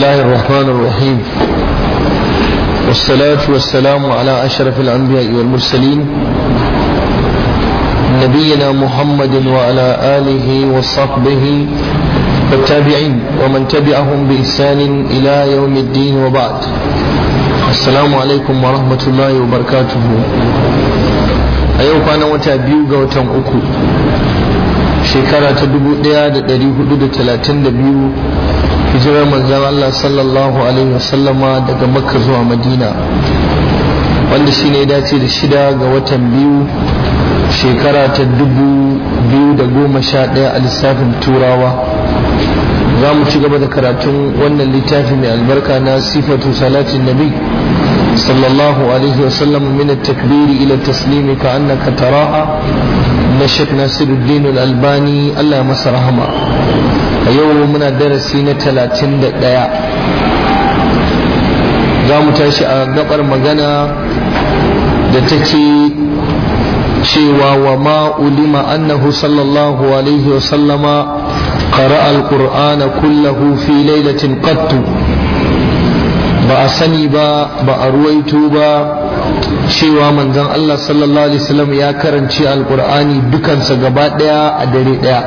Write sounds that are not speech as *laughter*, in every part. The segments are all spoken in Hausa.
الله الرحمن الرحيم والصلاة والسلام على أشرف الأنبياء والمرسلين نبينا محمد وعلى آله وصحبه والتابعين ومن تبعهم بإحسان إلى يوم الدين وبعد السلام عليكم ورحمة الله وبركاته أيوك أنا وتابيوك وتم أكو شكرا تدبو ديادة دريه دودة 32 hijirar manzan Allah sallallahu alaihi wasallama daga makka zuwa madina wanda shi ne dace da shida ga watan biyu shekara ta dubu biyu da goma sha ɗaya a lissafin turawa za mu ci gaba da karatun wannan littafi mai albarka na sifatu salatin nabi sallallahu alaihi wasallam min takbiri ila taslimi ka annaka tara'a na Sheikh Nasiruddin Al-Albani Allah masa rahama a yau muna darasi na talatin ɗaya za mu tashi a gabar magana da take cewa wa ma ulima annahu sallallahu alaihi wasallama qara'a alqur'ana kullahu fi lailatin qattu ba a sani ba ba a ruwaito ba cewa manzan Allah sallallahu alaihi wasallam ya karanci alkur'ani dukansa gaba daya a dare daya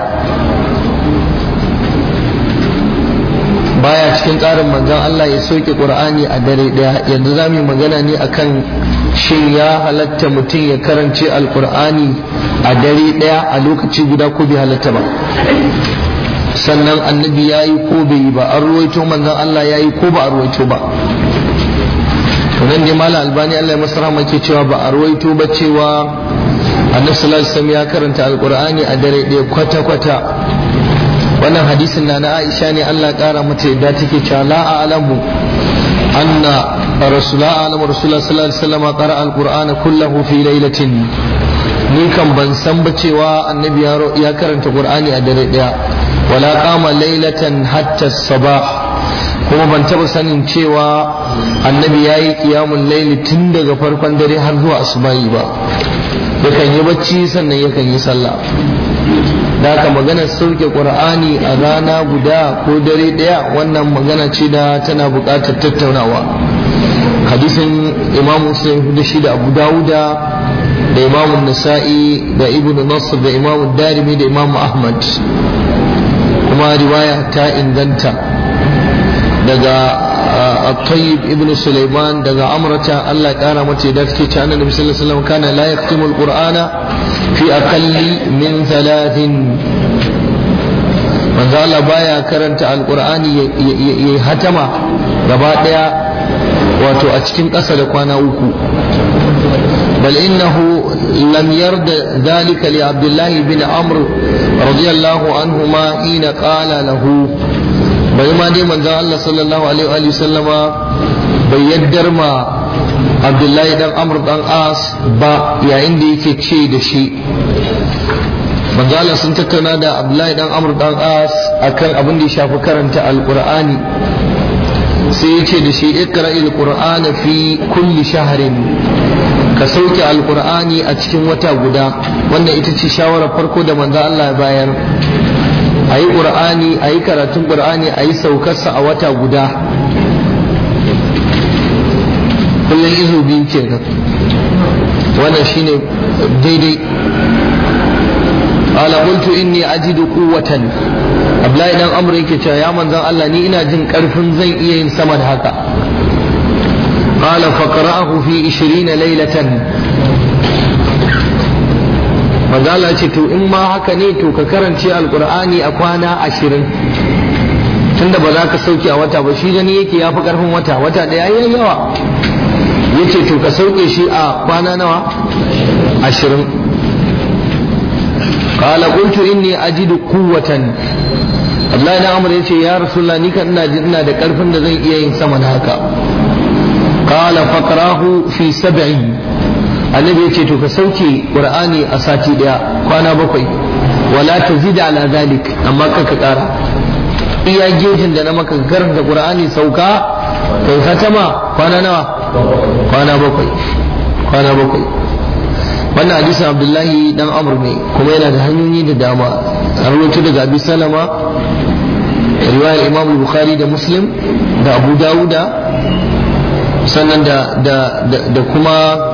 baya cikin tsarin manzan Allah ya soke qur'ani a dare daya yanzu za mu yi magana ne akan shin ya halatta mutum ya karance alkur'ani a dare daya a lokaci guda ko bai halatta ba sannan annabi ya yi ko bai yi ba an ruwaito manzon Allah ya yi ko ba a ruwaito ba to nan ne malam albani Allah ya masa rahama ke cewa ba a ruwaito ba cewa annabi sallallahu alaihi ya karanta alqur'ani a dare ɗaya kwata kwata wannan hadisin na na Aisha ne Allah ya kara mata yadda take cewa la a'lamu anna رسول الله رسول الله صلى الله عليه وسلم قرأ القرآن lailatin ni kan ban san ba cewa annabi ya karanta qur'ani a dare daya wala qama laylatan hatta sabah kuma ban taɓa sanin cewa annabi ya yi ƙiyamun laili tun daga farkon dare har zuwa asubahi ba yakan yi bacci sannan yakan yi sallah da aka magana sauke ƙur'ani a rana guda ko dare ɗaya wannan magana ce da tana buƙatar tattaunawa hadisin imamu sai da shi da abu dawuda da imam'un nasa'i da ibn nasr da imam'un darimi da imam ahmad kuma riwaya ta inganta daga الطيب ابن سليمان دغا امرتا الله قال متي دكتي كان النبي صلى الله عليه وسلم كان لا يختم القران في اقل من ثلاث manzo Allah baya karanta alqur'ani yayi hatama gaba daya wato a cikin ƙasa da kwana uku bal innahu lam yarda dhalika li abdullahi bin amr anhu ma ina ƙala nahu. bari ma dai manzon Allah sallallahu alaihi wa sallama bai yaddar ma Abdullahi dan Amr dan As ba yayin da yake ce da shi manzon sun tattauna da Abdullahi dan Amr dan As akan abin da ya shafi karanta alqur'ani sai ya ce da shi iqra'il qur'ana fi kulli shahrin ka sauke alqur'ani a cikin wata guda wannan ita ce shawarar farko da manzon Allah ya bayar a yi ƙur'ani a yi karatun ƙur'ani a yi saukarsa a wata guda kullum izu biyu kenan wannan shi ne daidai ala qultu inni ajidu quwwatan Abdullahi dan Amr yake cewa ya manzon Allah ni ina jin ƙarfin zan iya yin sama da haka qala faqra'ahu fi 20 laylatan manzala ce to in ma haka ne to ka karance alkur'ani a kwana ashirin tunda ba za ka sauke a wata ba shi gani yake ya fi karfin wata wata da ya yi yawa ya ce to ka sauke shi a kwana nawa ashirin kala kuntu inni ajidu kuwatan Allah na amur ya ce ya rasulullah ni kan ina da karfin da zan iya yin sama na haka kala faqrahu fi sab'in annabi ya ce to ka sauke qur'ani a sati daya kwana bakwai wala tazid ala zalik amma kar ka kara iya gejin da na maka da qur'ani sauka kai khatama kwana nawa kwana bakwai kwana bakwai wannan hadisin abdullahi dan amr ne kuma yana da hanyoyi da dama rawaito daga abi salama riwayar imam bukhari da muslim da abu dawuda sannan da da da kuma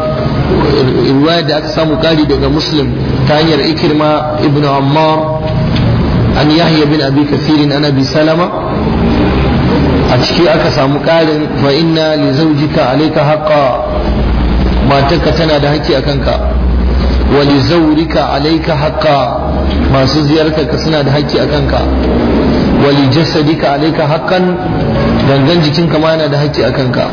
riwayar da aka samu kari daga muslim ta hanyar ikirma ibn ammar an yahya bin abi kathirin an bi salama a ciki aka samu karin fa inna li zawjika alayka haqqa matarka tana da haƙƙi a kanka wa li zawrika alayka haqqa masu ziyartarka suna da haƙƙi a kanka wa li jasadika alayka haqqan gangan jikinka ma yana da haƙƙi a kanka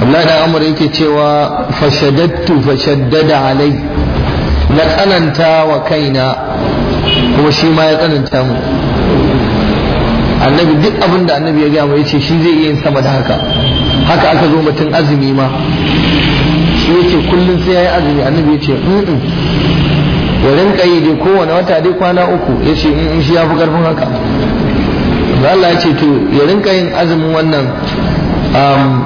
Allah da amur yake cewa fashadattu fashaddada alai na tsananta wa kaina kuma shi ma ya tsananta mu annabi duk abin da annabi ya gaya mu yace shi zai iya yin sama da haka haka aka zo mutum azumi ma shi yace kullum sai yayi azumi annabi yace mm ya rinka yi dai kowane wata dai kwana uku yace in shi ya fi karfin haka Allah ya ce to ya rinka yin azumin wannan Um,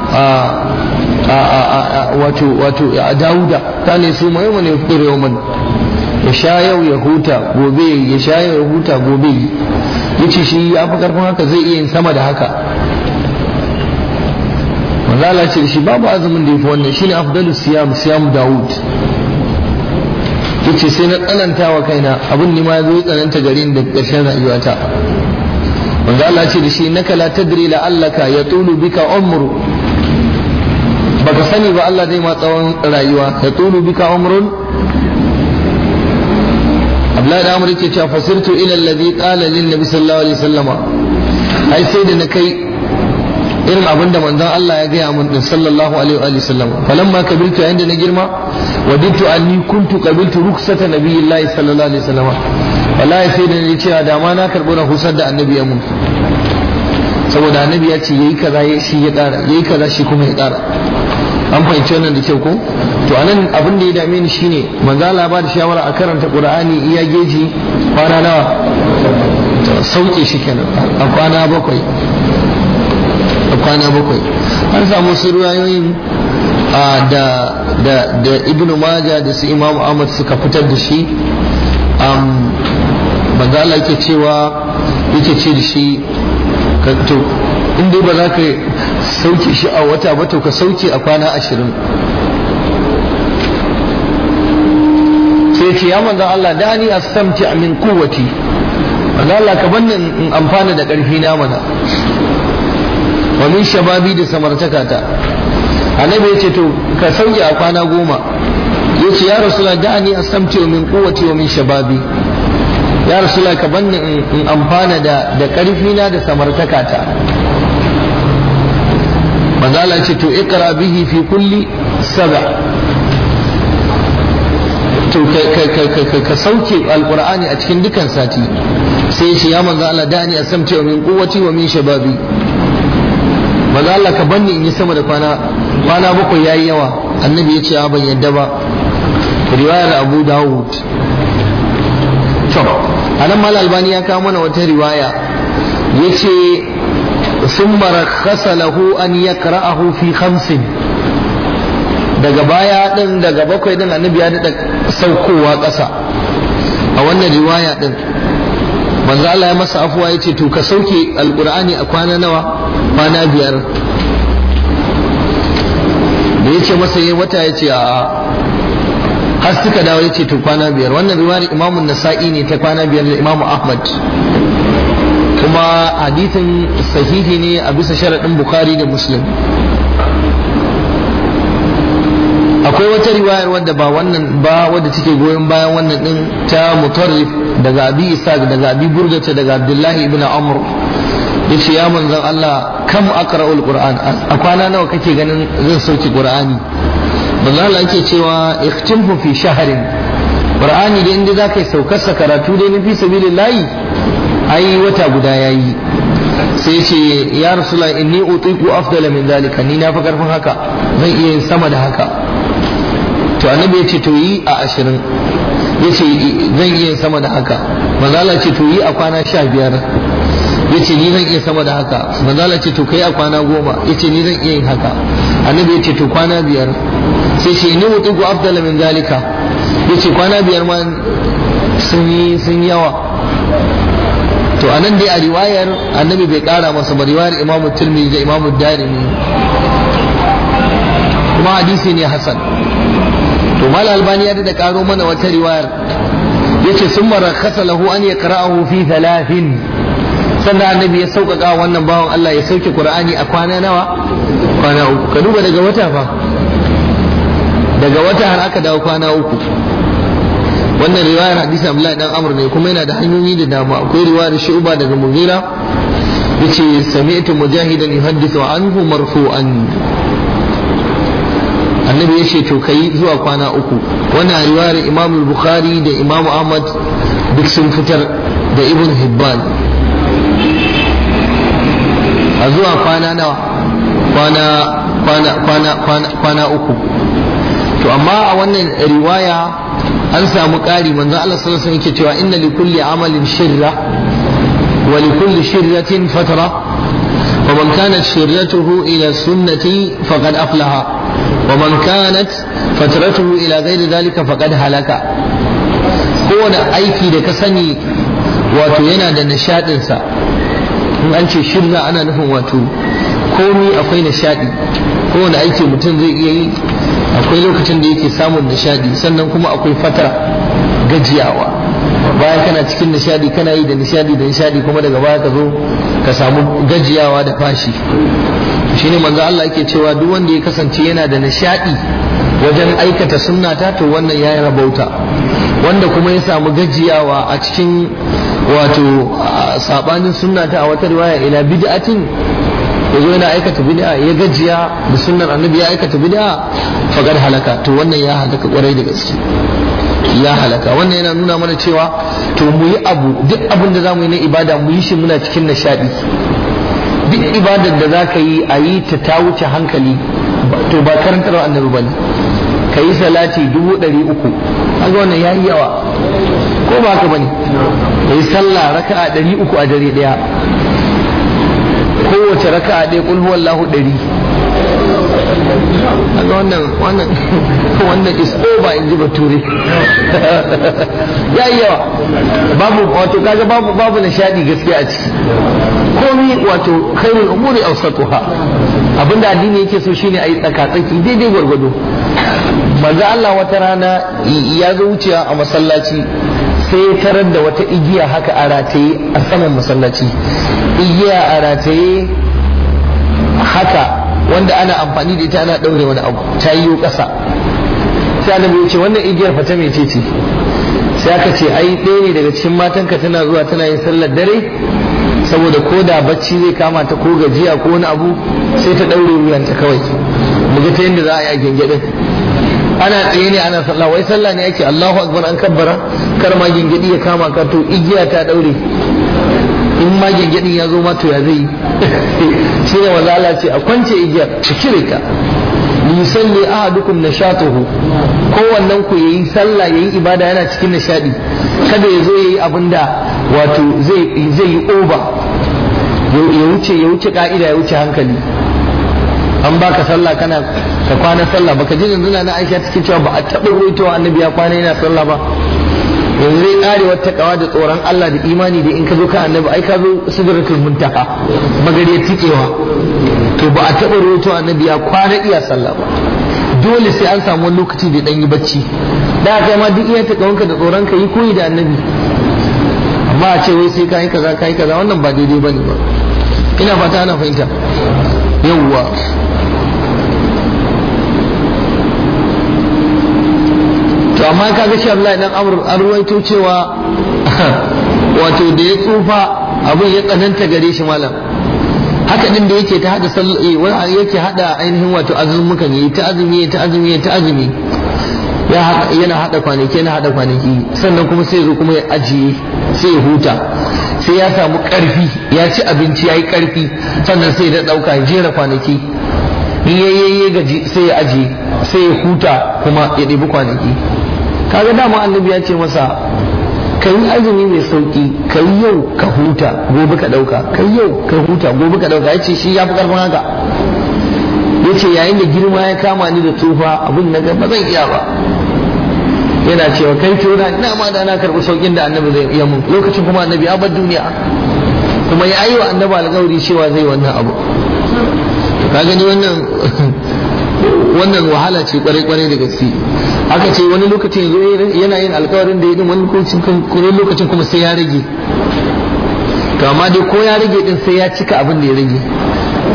wato wato dauda kana su mai ne fure yawman ya sha yau ya huta gobe ya sha yau ya huta gobe Ya ce shi ya fi karfin haka zai iya yin sama da haka manzo Allah ce shi babu azumin da ya fi wannan shine afdalu siyam siyam daud Ya ce sai na tsananta wa kaina abin ne ma zai tsananta garin da ƙarshen rayuwata manzo Allah ce da shi naka la tadri la allaka yatulu bika umru baka sani ba Allah zai ma tsawon rayuwa yatulu bika umrun Abdullahi da Amr yake cewa fasirtu ila alladhi qala lin nabi sallallahu alaihi wasallama ai sai da na kai irin abin da manzon Allah ya gaya mun sallallahu alaihi wa sallam falamma kabiltu inda na girma wadittu anni kuntu kabiltu ruksata nabiyillahi sallallahu alaihi wa sallam wallahi sai da ni cewa da ma na na rahusar da annabi ya mun saboda annabi ya ce yayi kaza shi ya kara yayi kaza shi kuma ya kara an fahimci wannan da kyau ko to anan abin da ya dame ni shine manzo Allah ba da shawara a karanta Qur'ani iya geji kwana nawa sauke shi kenan a kwana bakwai da kwana bakwai an samu su ruwayoyin da da da ibn maja da su imam ahmad suka fitar da shi um, Allah yake cewa yake ce da shi to in dai ba za ka sauke shi a wata ba to ka sauke a kwana ashirin sai ce ya manzan Allah da ni a min quwwati manzo Allah ka bannin in amfana da ƙarfi na mana wa min shababi da samartaka ta annabi yace to ka sauya a kwana goma yace ya rasulullah da'ani astamti min quwwati wa min shababi ya rasulullah ka banni in amfana da da karfi na da samartaka ta manzala ce to iqra bihi fi kulli sab'a to ka sauke alqur'ani a cikin dukan sati sai ya ya manzo Allah da'ani astamti min quwwati wa min shababi manzo Allah ka banni in yi sama da kwana kwana bakwai yi yawa annabi ya ce a ah, ban yadda ba riwayar Abu Dawud to nan mal albani ya kawo mana wata riwaya ya yace sun rakhasa lahu an a fi hamsin daga baya din daga bakwai din annabi ya daɗa saukowa ƙasa a wannan riwaya din manzo ya masa afuwa ya ce to ka sauke alqur'ani a kwana nawa kwana biyar da ya ce masa ya wata ya ce a har suka dawo ya ce kwana biyar wannan riwayar imamu nasa'i ne ta kwana biyar da imamu ahmad kuma hadithin sahihi ne a bisa sharaɗin bukhari da muslim akwai wata riwayar wadda ba wannan ba wadda take goyon bayan wannan din ta mutarrif daga abi isa daga abi burgata daga abdullahi ibn amr ya ce ya manzan Allah kam aqra'ul qur'an a kwana nawa kake ganin zan sauki qur'ani manzo Allah yake cewa ikhtimhu fi shahrin qur'ani da inda zaka yi saukar sa karatu dai nufi sabilillahi ai wata guda yayi sai ce ya rasulullah inni utiqu afdala min zalika ni na fa karfin haka zan iya yin sama da haka to annabi ya ce to yi a ashirin ya zan iya yin sama da haka manzo Allah ce to a kwana sha biyar yace ni zan iya sama da haka manzala ce to kai a kwana goma yace ni zan iya yin haka annabi yace to kwana biyar sai ce ni wutu afdala min zalika yace kwana biyar ma sun yi sun yawa to anan dai a riwayar annabi bai kara masa ba riwayar imamu tirmidhi da imamu darimi kuma hadisi ne hasan to mal albani ya da karo mana wata riwayar yace summa rakhasa lahu an yaqra'ahu fi thalathin sanda annabi ya sauƙaƙa wannan bawan Allah ya sauke Qur'ani a kwana nawa kwana uku ka duba daga wata fa daga wata har aka dawo kwana uku wannan riwayar hadisi Abdullahi dan Amr ne kuma yana da hanyoyi da dama akwai riwayar Shu'ba daga Mughira yace sami'tu mujahidan yuhaddithu anhu marfu'an annabi ya ce to kai zuwa kwana uku wannan riwayar Imam Bukhari da Imam Ahmad duk sun fitar da Ibn Hibban a zuwa kwana nawa kwana kwana kwana kwana uku to amma a wannan riwaya an samu ƙari manzo Allah sallallahu alaihi wasallam yake cewa inna li kulli amalin shirra wa li kulli shirratin fatara wa man kanat shirratuhu ila sunnati faqad aflaha wa man kanat fatratuhu ila ghairi dhalika faqad halaka kowane aiki da ka sani wato yana da nishadin sa in an ce shirna ana nufin wato komi akwai nishaɗi kowane aiki mutum zai iya yi akwai lokacin da yake samun nishaɗi sannan kuma akwai fata gajiyawa baya kana cikin nishadi kana yi da nishadi da nishadi kuma daga baya ka zo ka samu gajiyawa da fashi shi ne manzo Allah yake cewa duk wanda ya kasance yana da nishadi wajen aikata sunna ta to wannan yayi rabauta wanda kuma ya samu gajiyawa a cikin wato sabanin sunna ta a wata riwaya ila bid'atin yazo yana aikata bid'a ya gajiya da sunnar annabi ya aikata bid'a fagar halaka to wannan ya halaka kwarai da gaske ya halaka wannan yana nuna mana cewa to mu yi abu duk abin da zamu yi na ibada mu yi shi muna cikin nishadi duk ibadar da zaka yi a yi ta ta wuce hankali to ba karantar annabi bane ka yi salati dubu ɗari uku ga wannan ya yi yawa ko ba haka bane yayi sallah ɗari uku a dare ɗaya kowace a ɗaya kul huwallahu ɗari. wannan wannan *laughs* wannan is over in ji bature *laughs* ya yi yawa babu wato kaga babu babu nishadi gaskiya a ciki komi wato khairul umuri awsatuha abinda addini yake so shine ayi tsaka tsaki daidai gwargwado manzo Allah wata rana ya zo wuciya a masallaci sai tarar da wata igiya haka a rataye a saman masallaci igiya a rataye haka wanda ana amfani da ita ana ɗaure wani abu ta yi ƙasa sai annabi ya ce wannan igiyar fa ta mece ce sai aka ce ai ɗaya ne daga cikin matanka tana zuwa tana yin sallar dare saboda ko da bacci zai kama ta ko gajiya ko wani abu sai ta ɗaure wuyanta kawai mu ga ta yadda za a yi a ana tsaye ne ana sallah wai sallah ne yake Allahu akbar an kabbara kar ma gingidi ya kama ka to igiya ta daure in ma gingidin ya zo ma to ya zai shi ne wanda ce a kwance igiyar cikire ni salli ahadukum nashatuhu kowannen ku yayi sallah yayi ibada yana cikin nishadi kada ya zo yayi abinda wato zai zai yi over ya wuce ya wuce ka'ida ya wuce hankali an baka sallah kana ka kwana sallah baka ji yanzu na Aisha take cewa ba a taɓa ruwaitowa annabi ya kwana yana sallah ba yanzu zai kare wata kawa da tsoron Allah da imani da in ka zo ka annabi ai ka zo sidratul muntaha ya tikewa to ba a taɓa ruwaitowa annabi ya kwana iya sallah ba dole sai an samu wani lokaci da dan yi bacci da kai ma duk iya ta kawanka da tsoron ka yi koyi da annabi amma a ce wai sai ka yi kaza ka yi kaza wannan ba daidai bane ba ina fata ana fahimta yawwa amma kaga shi Abdullahi dan Amr an ruwaito cewa *laughs* wato da ya tsufa abin ya tsananta gare shi malam haka din da yake ta hada eh, yake hada ainihin wato azumukan yi ta azumi ta azumi ta azumi yana hada kwanaki yana hada kwanaki sannan kuma sai zo kuma ya ajiye sai ya huta sai ya samu karfi ya ci abinci ya yi karfi sannan sai da dauka jera kwanaki in yayi gaji sai ya ajiye sai ya huta kuma ya ɗebi kwanaki kaga dama annabi ya ce masa ka yi azumi mai sauki ka yi yau ka huta gobe ka dauka ka yi yau ka huta gobe ka dauka ce shi ya fi karfin haka Ya ce yayin da girma ya kama ni da tufa abin na ba zan iya ba yana cewa kai tona ina ma da na karɓi saukin da annabi zai iya mun lokacin kuma annabi ya bar duniya kuma ya yi wa annabi alƙawari cewa zai wannan abu ka gani wannan *laughs* wannan wahala ce kwarai kwarai da gaske aka ce wani lokacin yanzu yana yin alkawarin da ya din wani lokacin kuma sai ya rage to amma dai ko ya rage din sai ya cika abin da ya rage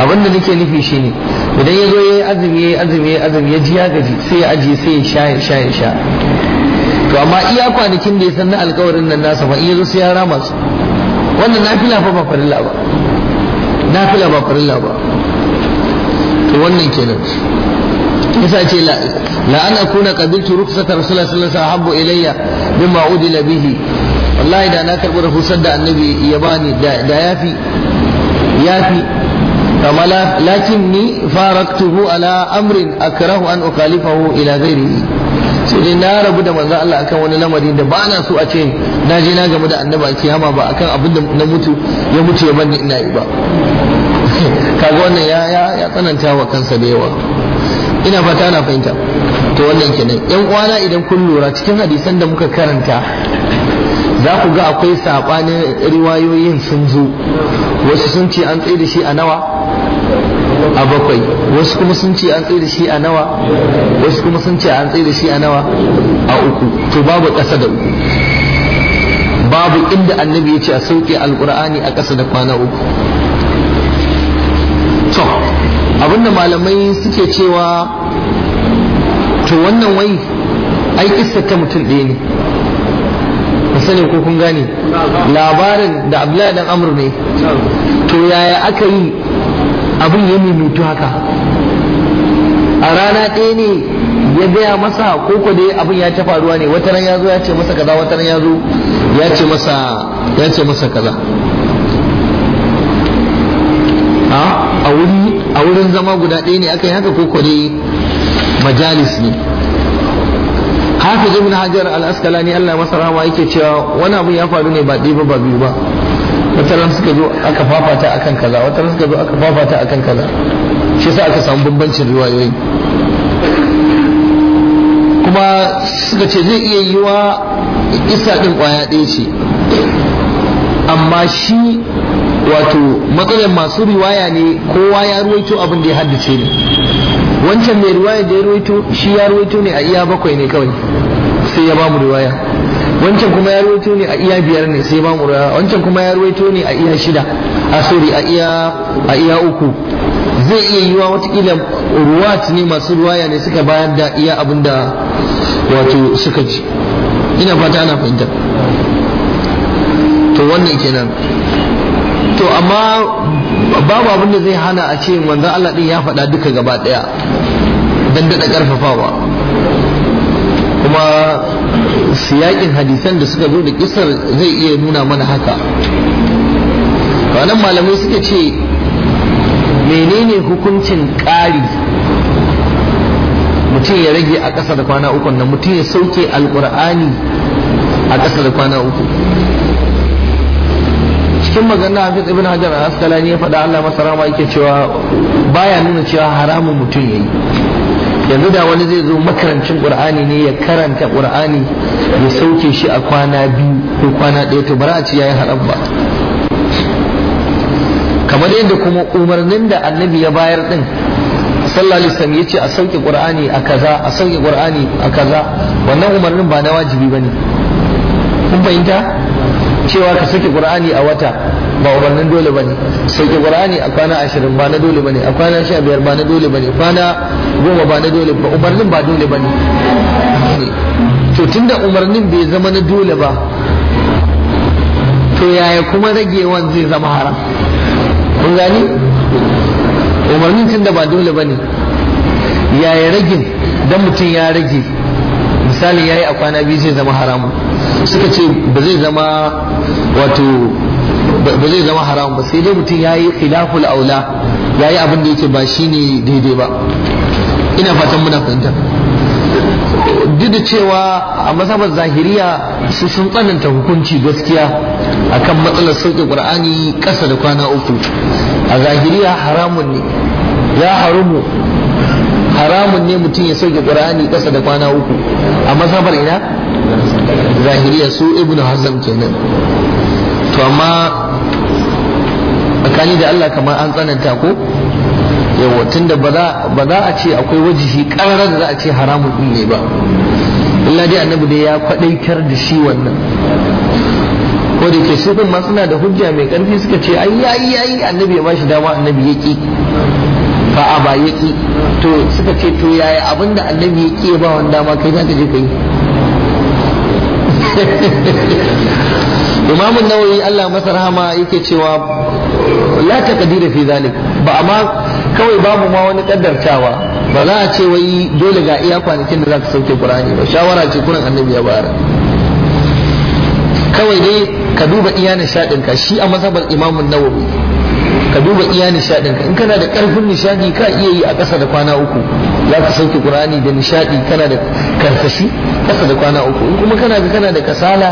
abin da nake nufi shine idan ya zo ya yi azumi ya yi azumi ya azumi ya ji ya gaji sai ya ajiye sai ya sha ya sha ya sha to amma iya kwanakin da ya san na alkawarin nan nasa ba iya zo sai ya rama su wannan nafila fa ba farilla ba nafila ba farilla ba to wannan kenan yasa ce la la an akuna qabiltu rukhsata rasulullah sallallahu alaihi wasallam habbu ilayya mimma udila bihi wallahi da na karbi rukhsar da annabi ya bani da yafi yafi kama lakin ni faraktuhu ala amrin akrahu an ukhalifahu ila ghairihi sai na rabu da manzo Allah akan wani lamari da ba na so a ce na je na gamu da annabi a kiyama ba akan abin da na mutu ya mutu ya bani ina yi ba *laughs* kaga wannan ya ya tsananta wa kansa da yawa ina fata ana fahimta to wannan kenan yan uwana idan kun lura cikin hadisan da muka karanta za ku ga akwai sabanin riwayoyin sun zo wasu sun ce an tsaye da shi a nawa a bakwai wasu kuma sun ce an tsaye da shi a nawa wasu kuma sun ce an tsaye da shi a nawa a uku to babu ƙasa da uku babu inda annabi ya ce a sauke alkur'ani a ƙasa da kwana uku to abinda malamai suke cewa to wannan wai ai kissa ta mutum ɗaya ne ba sani ko kun gane labarin da abdullahi dan amur ne to yaya aka yi abin ya mimitu haka a rana ɗaya ne ya gaya masa ko ko dai abin ya ta faruwa ne wata ran ya zo ya ce masa kaza wata ran ya zo ya ce masa ya ce masa kaza a wuri a wurin zama guda ɗaya ne aka yi haka ko kore majalis ne Haka ibn hajjar al'askala ne Allah masa rahama yake cewa wani abu ya faru ne ba ɗaya ba ba biyu ba wata suka zo aka fafata akan kaza wata suka zo aka fafata akan kaza shi sa aka samu bambancin riwayoyi kuma suka ce zai iya yiwa isa ɗin kwaya ɗaya ce amma shi wato matsalar masu riwaya ne kowa ya ruwaito abin da ya haddace ne wancan mai riwaya da ya ruwaito shi ya ruwaito ne a iya bakwai ne kawai sai ya bamu riwaya wancan kuma ya ruwaito ne a iya biyar ne sai bamu riwaya wancan kuma ya ruwaito ne a iya shida a sori a iya a iya uku zai iya yiwa watakila ruwat ne masu riwaya ne suka bayar da iya abin da wato suka ji ina fata ana fahimta to wannan kenan to amma babu abin da zai hana a ce manzon Allah ɗin ya faɗa duka gaba ɗaya dan daɗa ƙarfafawa kuma siyakin hadisan da suka zo da kisar zai iya nuna mana haka ranar malamai suka ce menene hukuncin ƙari mutum ya rage a ƙasa da kwana uku nan mutum ya sauke alƙur'ani a ƙasa da kwana uku cikin magana Hafiz ibn Hajar al-Asqalani ya faɗa Allah masa rama yake cewa baya nuna cewa haramun mutum ya yi. yanzu da wani zai zo makarancin Qur'ani ne ya karanta Qur'ani ya sauke shi a kwana biyu ko kwana ɗaya to bara a ci yi haram ba kamar yadda kuma umarnin da annabi ya bayar din sallallahu alaihi wasallam yace a sauke Qur'ani a kaza a sauke Qur'ani a kaza wannan umarnin ba na wajibi bane kun fahimta cewa ka saki qur'ani a wata ba umarnin dole bane saki qur'ani a kwana 20 ba na dole bane a kwana 15 ba na dole bane kwana 10 ba na dole ba umarnin ba dole bane to tunda umarnin bai zama na dole ba to yaya kuma ragewan zai zama haram kun gani umarnin tunda ba dole bane yaya ragin dan mutum ya rage misali yayi a kwana biyu zai zama haramu suka ce ba zai zama wato ba zai zama haramun ba sai dai mutum ya yi khilaful aula ya yi abin da yake ba shi ne daidai ba ina fatan muna fahimta duk da cewa a masabar zahiriya su sun tsananta hukunci gaskiya akan matsalar sauke qur'ani ƙasa da kwana uku a zahiriya haramun ne ya harumu haramun ne mutum ya sauke qur'ani ƙasa da kwana uku a masabar ina zahiriya su ibnu hazm kenan to amma tsakani da Allah kamar an tsananta ko yawa tunda ba za a ce akwai shi karar da za a ce haramun din ne ba Allah dai annabi dai ya kwadaitar da shi wannan ko da ke su ma suna da hujja mai karfi suka ce ai yayi yayi annabi ya bashi dama annabi ya ki fa a ba ya ki to suka ce to yaya abinda annabi ya ki ya ba wani dama kai za ka je ka yi *laughs* imamun nawawi Allah masa rahama yake cewa la taqdira fi zalik ba amma kawai babu ma wani kaddartawa ba za a ce wai dole ga iya kwanakin da za ka sauke qur'ani ba shawara ce kuran annabi ya bara kawai dai ka duba iya nishadin ka shi a mazhabar imamun nawawi ka duba iya nishadin ka in kana da ƙarfin nishaɗi ka iya yi a ƙasa da kwana uku za ka sauke ƙur'ani da nishaɗi kana da karsashi ƙasa da kwana uku in kuma kana da kana da kasala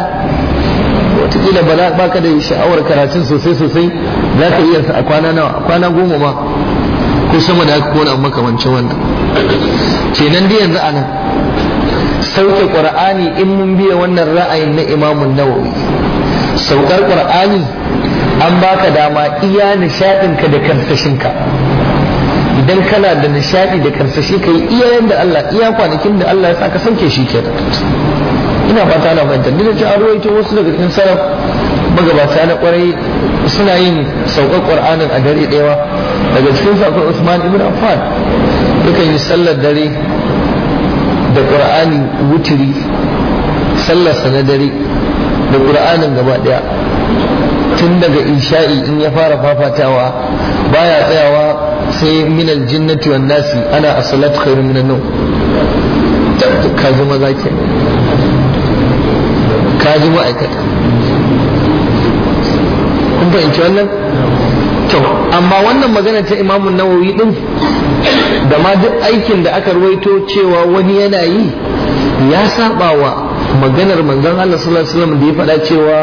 wataƙila ba baka da sha'awar karatun sosai sosai za ka iya a kwana nawa a kwana goma ma ko sama da haka ko na makamancin wannan kenan dai yanzu a nan sauke ƙur'ani in mun biya wannan ra'ayin na imamun nawawi saukar qur'ani an baka dama iya nishaɗinka da karsashinka idan kana da nishaɗi da karsashi ka yi iya yadda Allah iya kwanakin da Allah ya sa ka sanke shi ke ina fata na fahimta duk da ci wasu daga cikin sarar magabata na kwarai suna yin saukar qur'anin a dare daya daga cikin sakon usman ibn affan yakan yi sallar dare da qur'ani wutiri sallarsa na dare da qur'anin gaba ɗaya tun daga isha'i in ya fara fafatawa baya tsayawa sai min aljinnati wan nasi ana as-salat khairun min an-nawm ka ji maza ke ka ji ma'aikata kun fahimci wannan to amma wannan magana ta imamun nawawi din da ma duk aikin da aka ruwaito cewa wani yana yi ya saba wa maganar manzon Allah sallallahu alaihi wasallam da ya faɗa cewa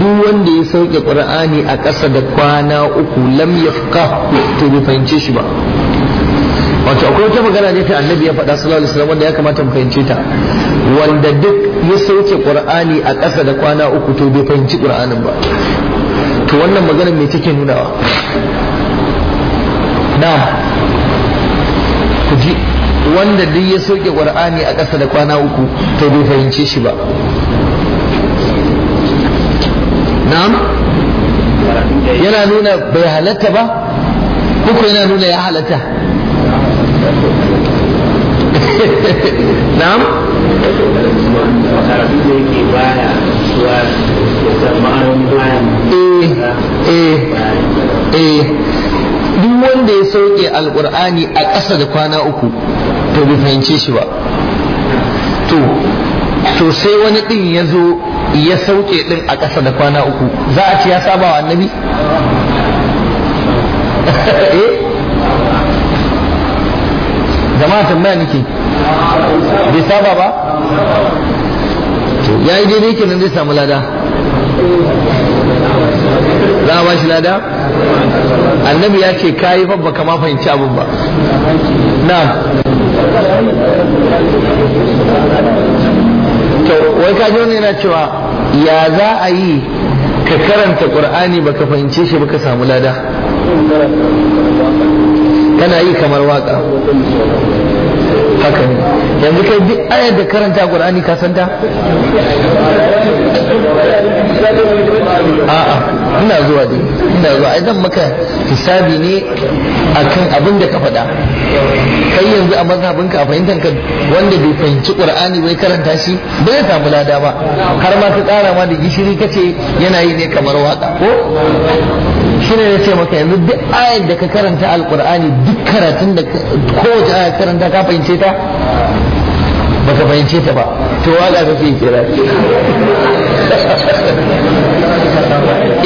duk wanda ya sauke Qur'ani a ƙasa da kwana uku lam yafqa to bai fahimce shi ba wato akwai wata magana ne ta annabi ya faɗa sallallahu alaihi wasallam wanda ya kamata mu fahimce ta wanda duk ya sauke Qur'ani a ƙasa da kwana uku to bai fahimci Qur'anin ba to wannan maganar me take nunawa na ku ji wanda duk ya soke qur'ani a ƙasa da kwana uku to bai fahimce shi ba na'am yana nuna bai halatta ba uku yana nuna ya halatta *laughs* na'am eh, eh, eh. duk wanda ya sauke alkur'ani a ƙasa da kwana uku to bai fahimce shi ba to to sai wani din ya zo ya sauke din a ƙasa da kwana uku za a ce ya saba wa annabi *laughs* eh? jama'a tambaya nake bai saba ba ya yi daidai kenan zai samu lada za a ba shi lada annabi ya ce ka yi babba kama fahimci abin ba na to wai ka wani yana cewa ya za a yi ka karanta qur'ani baka fahimce shi baka samu lada kana yi kamar waka haka ne yanzu kai duk ayar da karanta qur'ani ka santa a'a ina zuwa dai ina zuwa idan zan maka hisabi ne akan abin da ka faɗa kai yanzu a mazhabin ka fahimtar ka wanda bai fahimci qur'ani bai karanta shi bai ya samu lada ba har ma ta tsara ma da gishiri kace yana yi ne kamar waka ko shi ne ce maka yanzu duk ayar da ka karanta alqur'ani duk karatun da kowace aya karanta ka fahimce ta baka fahimce ta ba to waka kake kira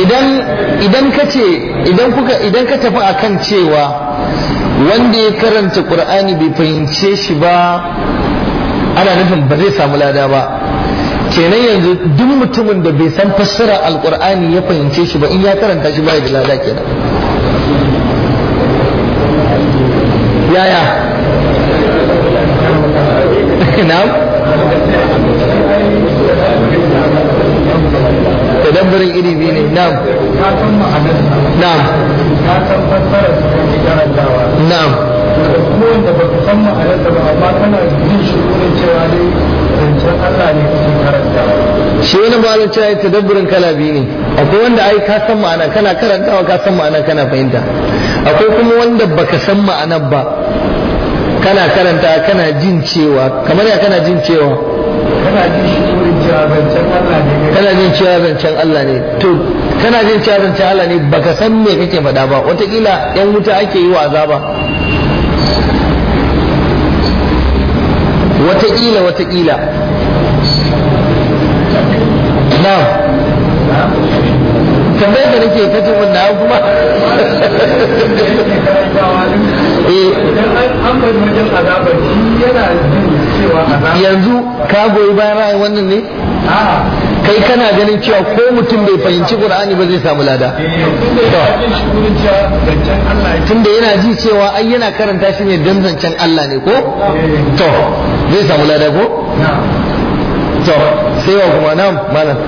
idan idan kace idan kuka idan ka tafi akan cewa wanda ya karanta qur'ani bai fahimce shi ba ana nufin ba zai samu lada ba kenan yanzu duk mutumin da bai san fassara alqur'ani ya fahimce shi ba in ya karanta shi ba ya da lada kenan yaya *laughs* na'am birin iri ne na'am na'am na'am wanda san ba kana jin shi cewa Allah ne shi wani malam cewa ya tadabburin kala biyu ne akwai wanda ai ka san ma'ana kana karantawa ka san ma'ana kana fahimta akwai kuma wanda baka san ma'anar ba kana karanta kana jin cewa kamar ya kana jin cewa kana jin cewa zancen Allah ne to kana jin cewa zancen Allah ne baka san me kake faɗa ba wataƙila yan wuta ake yi wa azaba wataƙila wataƙila na tambayar da nake kace wanda kuma *laughs* eh an bai mutum azaba shi yana jin yanzu ka goyi bayan ra'ayin wannan ne kai kana ganin cewa ko mutum bai fahimci qur'ani ba zai samu lada eh, tunda yana ji cewa ai yana karanta shi ne don zancen Allah ne ko eh. to zai samu lada ko to sai wa kuma nan malam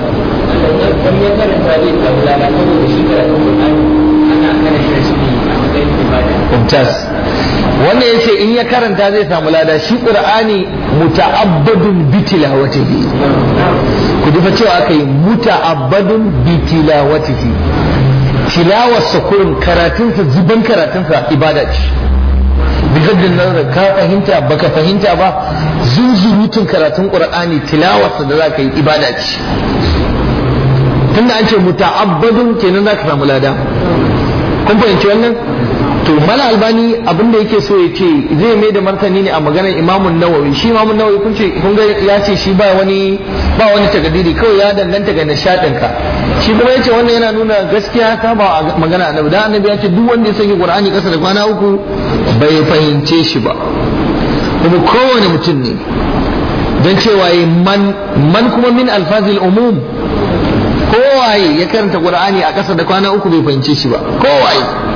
Mumtaz. wannan ce in ya karanta zai samu lada shi qur'ani muta'abbadun bi tilawatihi ku dufa cewa aka yi muta'abbadun bi tilawatihi tilawarsa karatun karatunsa zuban karatunsa ibada ce bigaddin nan ka fahimta baka fahimta ba zunzurutun karatun qur'ani sa da zaka yi ibada ce tunda an ce muta'abbadun kenan zaka samu lada kun fahimci wannan to mala albani abin da yake so ya ce zai mai da martani ne a maganar imamun nawawi shi imamun nawawi kun ce kun ga ya ce shi ba wani ba wani tagadiri kawai ya danganta ga nishadin ka shi kuma ya ce wannan yana nuna gaskiya ta ba magana annabi dan annabi ya ce duk wanda ya sanya qur'ani kasa da kwana uku bai fahimce shi ba kuma kowane mutum ne don cewa man man kuma min alfazil umum kowaye ya karanta qur'ani a kasa da kwana uku bai fahimce shi ba kowaye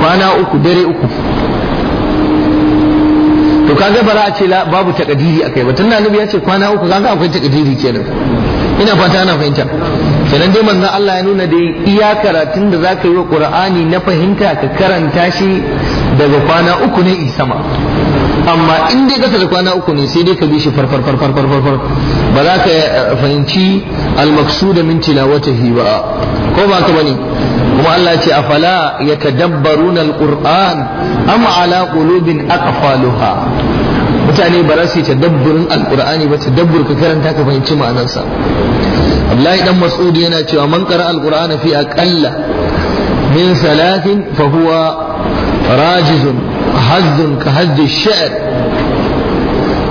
kwana uku dare uku to kaga ba za a ce babu takadiri akai ba tunda annabi ya ce kwana uku kaga akwai takadiri kenan ina fata ana fahimta kenan dai manzon Allah ya nuna da iya karatun da zaka yi wa Qur'ani na fahimta ka karanta shi daga kwana uku ne in sama amma in dai kasa da kwana uku ne sai dai ka bi shi farfar farfar ba za ka eh, fahimci al-maqsuda min tilawatihi ba ko ba ka bane kuma Allah ya ce afala yatadabbaruna al-Qur'an am ala qulubin aqfaluha mutane ba za su yi tadabburin alqur'ani ba tadabbur ka karanta ka fahimci ma'anarsa Abdullahi dan mas'udi yana cewa man qara alqur'ana fi aqalla min salatin fa huwa rajizun hazzun ka hajji sha'r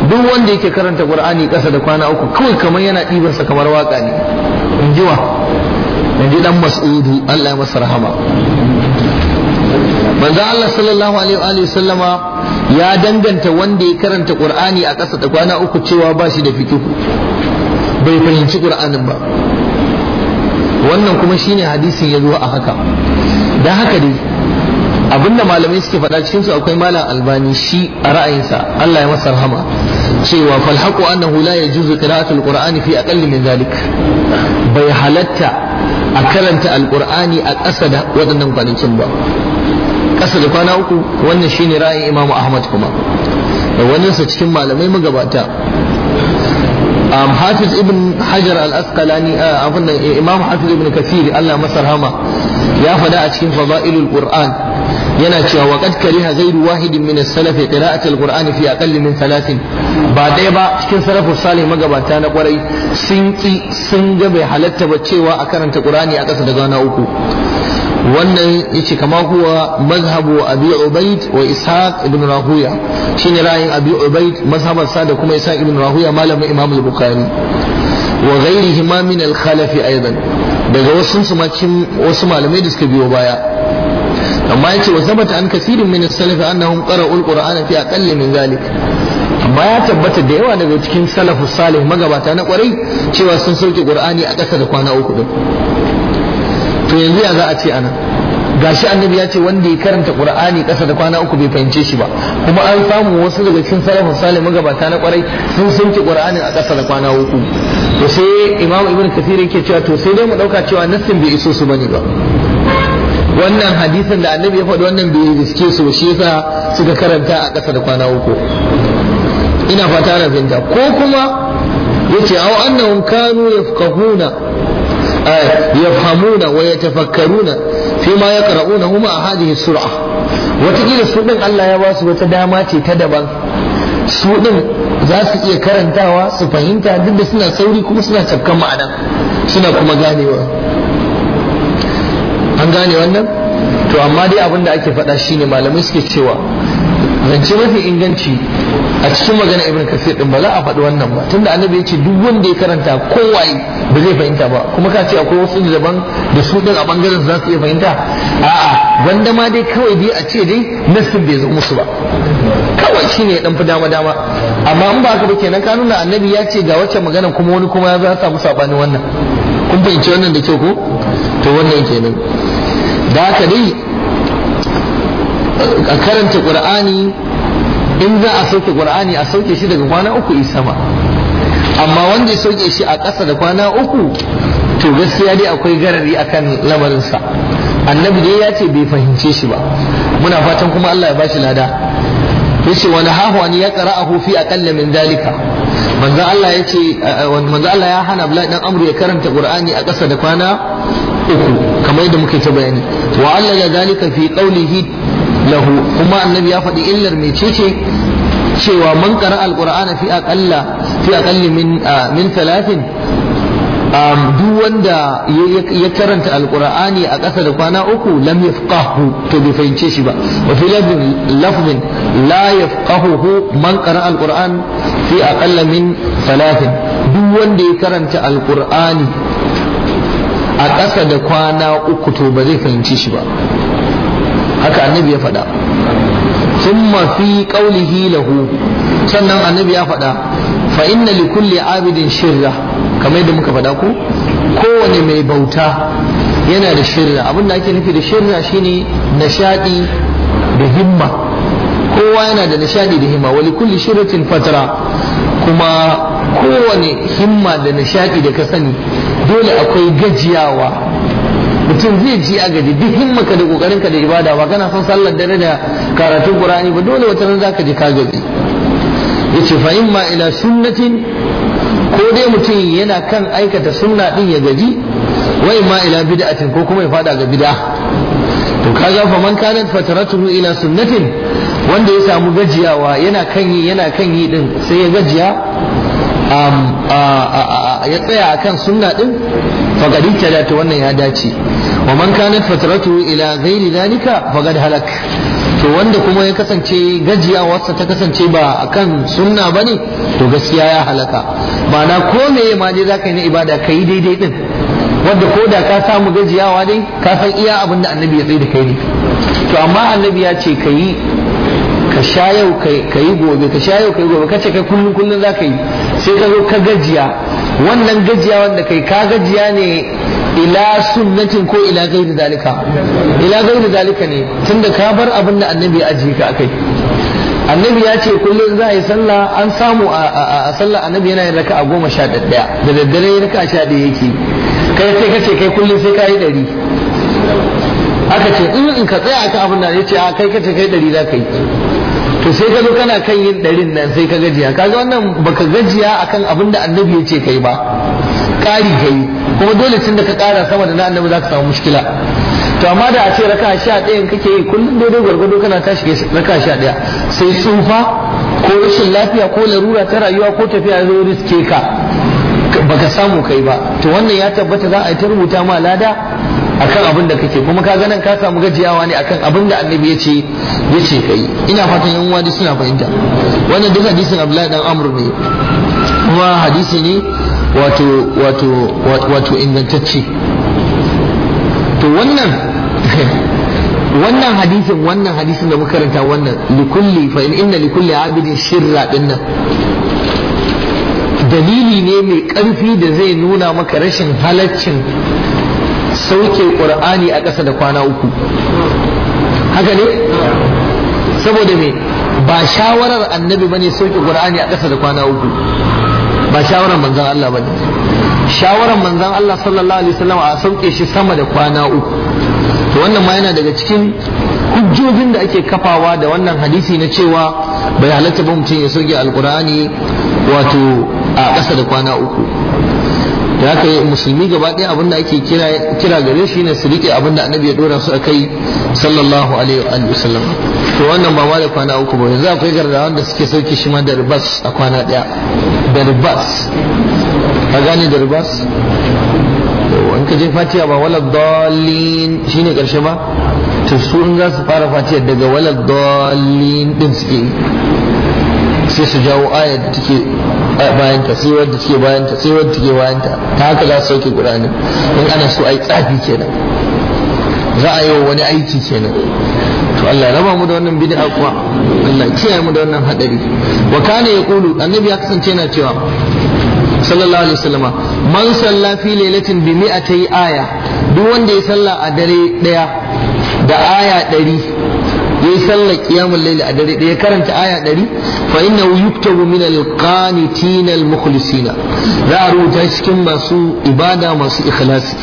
duk wanda yake karanta qur'ani kasa da kwana uku kawai kamar yana ɗibarsa kamar waka ne Injiwa dan mas'udi Allah ya masa rahama manzo Allah sallallahu alaihi wa sallama ya danganta wanda ya karanta Qur'ani a ƙasa da kwana uku cewa ba shi da fikihu bai fahimci Qur'anin ba wannan kuma shine hadisin ya zo a haka da haka dai abinda malamai suke faɗa cikin su akwai malam albani shi a ra'ayinsa Allah ya masa rahama cewa falhaqu annahu la yajuzu qira'atul qur'ani fi aqalli min zalik bai halatta a karanta alqur'ani a ƙasa da waɗannan kwanakin ba kasa da kwana uku wannan shine ra'ayin imamu ahmad kuma da waninsa cikin malamai magabata um, hafiz ibn hajar al-asqalani imam hafiz ibn kasir allah masar hama ya fada a cikin fada'ilul qur'an yana cewa wa qad kariha ghayru wahidin min as-salaf qira'at qurani fi aqall min thalathin ba dai ba cikin salafu salih magabata na kwarai sun ki sun ga bai halatta ba cewa a karanta qur'ani a ƙasa da gana uku wannan yace kama huwa mazhabu abi ubaid wa ishaq ibn rahuya shine ra'ayin abi ubaid mazhabar sa da kuma ishaq ibn rahuya malamin imam al-bukhari wa ghairihima min al-khalaf aidan daga wasu cin wasu malamai da suka biyo baya amma yace wa sabata an kasirin min as-salaf annahum qara'u al-qur'ana fi aqall min zalik amma ya tabbata da yawa daga cikin salafu salih magabata na kwarai cewa sun sauke qur'ani a ƙasa da kwana uku din to yanzu ya za a ce anan gashi annabi ya ce wanda ya karanta qur'ani kasa da kwana uku bai fahimce shi ba kuma an samu wasu daga cikin salafin salih magabata na kwarai sun sunke qur'anin a kasa da kwana uku to sai imamu ibnu kathir yake cewa to sai dai mu dauka cewa nassin bai iso su bane ba wannan hadisin da annabi ya faɗi wannan bai riske su shi yasa suka karanta a kasa da kwana uku ina fata na ko kuma yace aw annahum kanu yafqahuna yafhamuna wa yatafakkaruna fi ma yaqra'una huma a hadhihi sur'a wataƙila su ɗin Allah ya ba su wata dama ce ta daban su ɗin za su iya karantawa su fahimta duk da suna sauri kuma suna cafkan ma'ana suna kuma ganewa an gane wannan to amma dai abinda ake faɗa shine malamai suke cewa zance mafi inganci a cikin magana ibn kasir din ba za a faɗi wannan ba tunda annabi ya ce duk wanda ya karanta kowaye ba zai fahimta ba kuma ka ce akwai wasu daban da su din a bangaren za su iya fahimta a'a wanda ma dai kawai dai a ce dai nassin bai zo musu ba kawai shine ya dama dama amma in ba haka ba kenan ka nuna annabi ya ce ga wacce magana kuma wani kuma ya za samu sabanin wannan kun fahimci wannan da kyau ko to wannan kenan da haka dai a karanta qur'ani in za a sauke qur'ani a sauke shi daga kwana uku sama amma wanda ya sauke shi a ƙasa da kwana uku to gaskiya dai akwai garari akan lamarinsa annabi dai ya ce bai fahimce shi ba muna fatan kuma Allah ya bashi lada yace wani hahu an ya qara'ahu fi aqall min dalika manzo Allah yace manzo Allah ya hana Abdullahi dan Amr ya karanta Qur'ani a ƙasa da kwana uku kamar yadda muke ta bayani wa allala dalika fi qawlihi lahu kuma annabi ya faɗi illar mecece cewa man qara alqur'ana fi aqalla fi min min duk wanda ya karanta alqur'ani a ƙasa da kwana uku lam yafqahu to bai fahimce shi ba wa fi lafzin la yafqahu man qara alqur'an fi aqalla min thalathin duk wanda ya karanta alqur'ani a ƙasa da kwana uku to ba zai fahimce shi ba haka annabi ya faɗa thumma fi qawlihi lahu sannan annabi ya faɗa fa inna li kulli abidin shirra kamar yadda muka faɗa ko kowane mai bauta yana da shirra abinda ake nufi da shirra shine nishadi da himma kowa yana da nishadi da himma wali kulli shirratin fatara kuma kowane himma da nishadi da ka sani dole akwai gajiyawa mutum zai ji a gaji duk ka da ka da ibada ba kana son sallar dare da karatun qur'ani ba dole wata ran zaka ji ka gaji yace fa imma ila sunnatin ko dai mutum yana kan aikata sunna din ya gaji wa imma ila bid'atin ko kuma ya fada ga bid'a to kaga fa man kana fataratu ila sunnatin wanda ya samu gajiyawa yana kan yi yana kan yi din sai ya gajiya ya tsaya akan sunna din ta da ta wannan ya dace wa man kanat fatratu ila ghairi zalika faqad halak to wanda kuma ya kasance gajiya gajiyawarsa ta kasance ba akan sunna bane to gaskiya ya halaka na ko me ma dai zaka yi na ibada kai daidai din wanda ko da ka samu gajiyawa dai ka san iya abinda annabi ya tsaye da kai ne to amma annabi ya ce ka ka sha yau ka yi gobe ka sha yau ka yi gobe ka ce kai kullum kullum za ka yi sai ka zo ka gajiya wannan gajiya wanda kai ka gajiya ne ila sunnatin ko ila gairi zalika ila gairi zalika ne tunda ka bar abin da annabi ya ajiye ka akai annabi ya ce kullum za a yi sallah an samu a sallah annabi yana yin raka'a goma sha ɗaya da daddare raka'a sha ɗaya yake kai sai ka ce kai kullum sai ka yi ɗari aka ce mm, in ka tsaya aka abin da ya ce a kai ce kai ɗari za ka yi to sai ka zo kana kan yin ɗarin nan sai ka gajiya kaga wannan baka gajiya akan abin da annabi ya ce kai ba ƙari kai kuma dole tun da ka ƙara sama da na annabi za ka samu mushkila to amma da a ce raka sha ɗaya kake yi kullum daidai gwargwado kana tashi raka sha ɗaya sai tsufa ko rashin lafiya ko larura ta rayuwa ko tafiya zo riske ka baka samu kai ba to wannan ya tabbata za a yi ta rubuta ma lada akan abin da kake kuma ka ganin ka samu gajiyawa ne akan abin da annabi ya ce ya ce kai ina fatan yan uwa suna fahimta wannan duk hadisin Abdullahi dan Amr ne kuma hadisi ne wato wato wato ingantacce to wannan *laughs* wannan hadisin wannan hadisin da muka karanta wannan likulli fa in inna likulli abidin shirra dinnan dalili ne mai ƙarfi da zai nuna maka rashin halaccin sauke qur'ani a ƙasa da kwana uku haka ne saboda me ba shawarar annabi bane sauke qur'ani a ƙasa da kwana uku ba shawarar manzon Allah bane shawarar manzon Allah sallallahu alaihi wasallam a sauke shi sama da kwana uku to wannan ma yana daga cikin hujjojin da ake kafawa da wannan hadisi na cewa bai halatta ba mutum ya sauke alqur'ani wato a ƙasa da kwana uku da haka musulmi gaba ɗaya abin da ake kira gare shi ne su riƙe abin da annabi ya ɗora su a kai sallallahu alaihi wa sallam to wannan ba ma da kwana uku ba yanzu akwai gardawan da suke sauke shi ma da ribas a kwana ɗaya da ribas a gane da ribas in ka je fatiya ba wala dalin shine karshe ba to su in za su fara fatiya daga wala dalin din suke sai su jawo ayat da take bayan ta sai wanda take bayan ta sai wanda take bayan ta ta haka za su sauke gudanar in ana so ai tsafi kenan za a yi wa wani aiki kenan to Allah raba mu da wannan bidin kuwa Allah kiyaye mu da wannan hadari wa kana yaqulu annabi ya kasance yana cewa sallallahu alaihi wasallama man salla fi lailatin bi mi'atai aya duk wanda ya salla a dare daya da aya ɗari yayi sallar kiyamun laili a dare ɗaya karanta aya ɗari fa inna yuktabu min alqanitina almukhlisina za a rubuta cikin masu ibada masu ikhlasi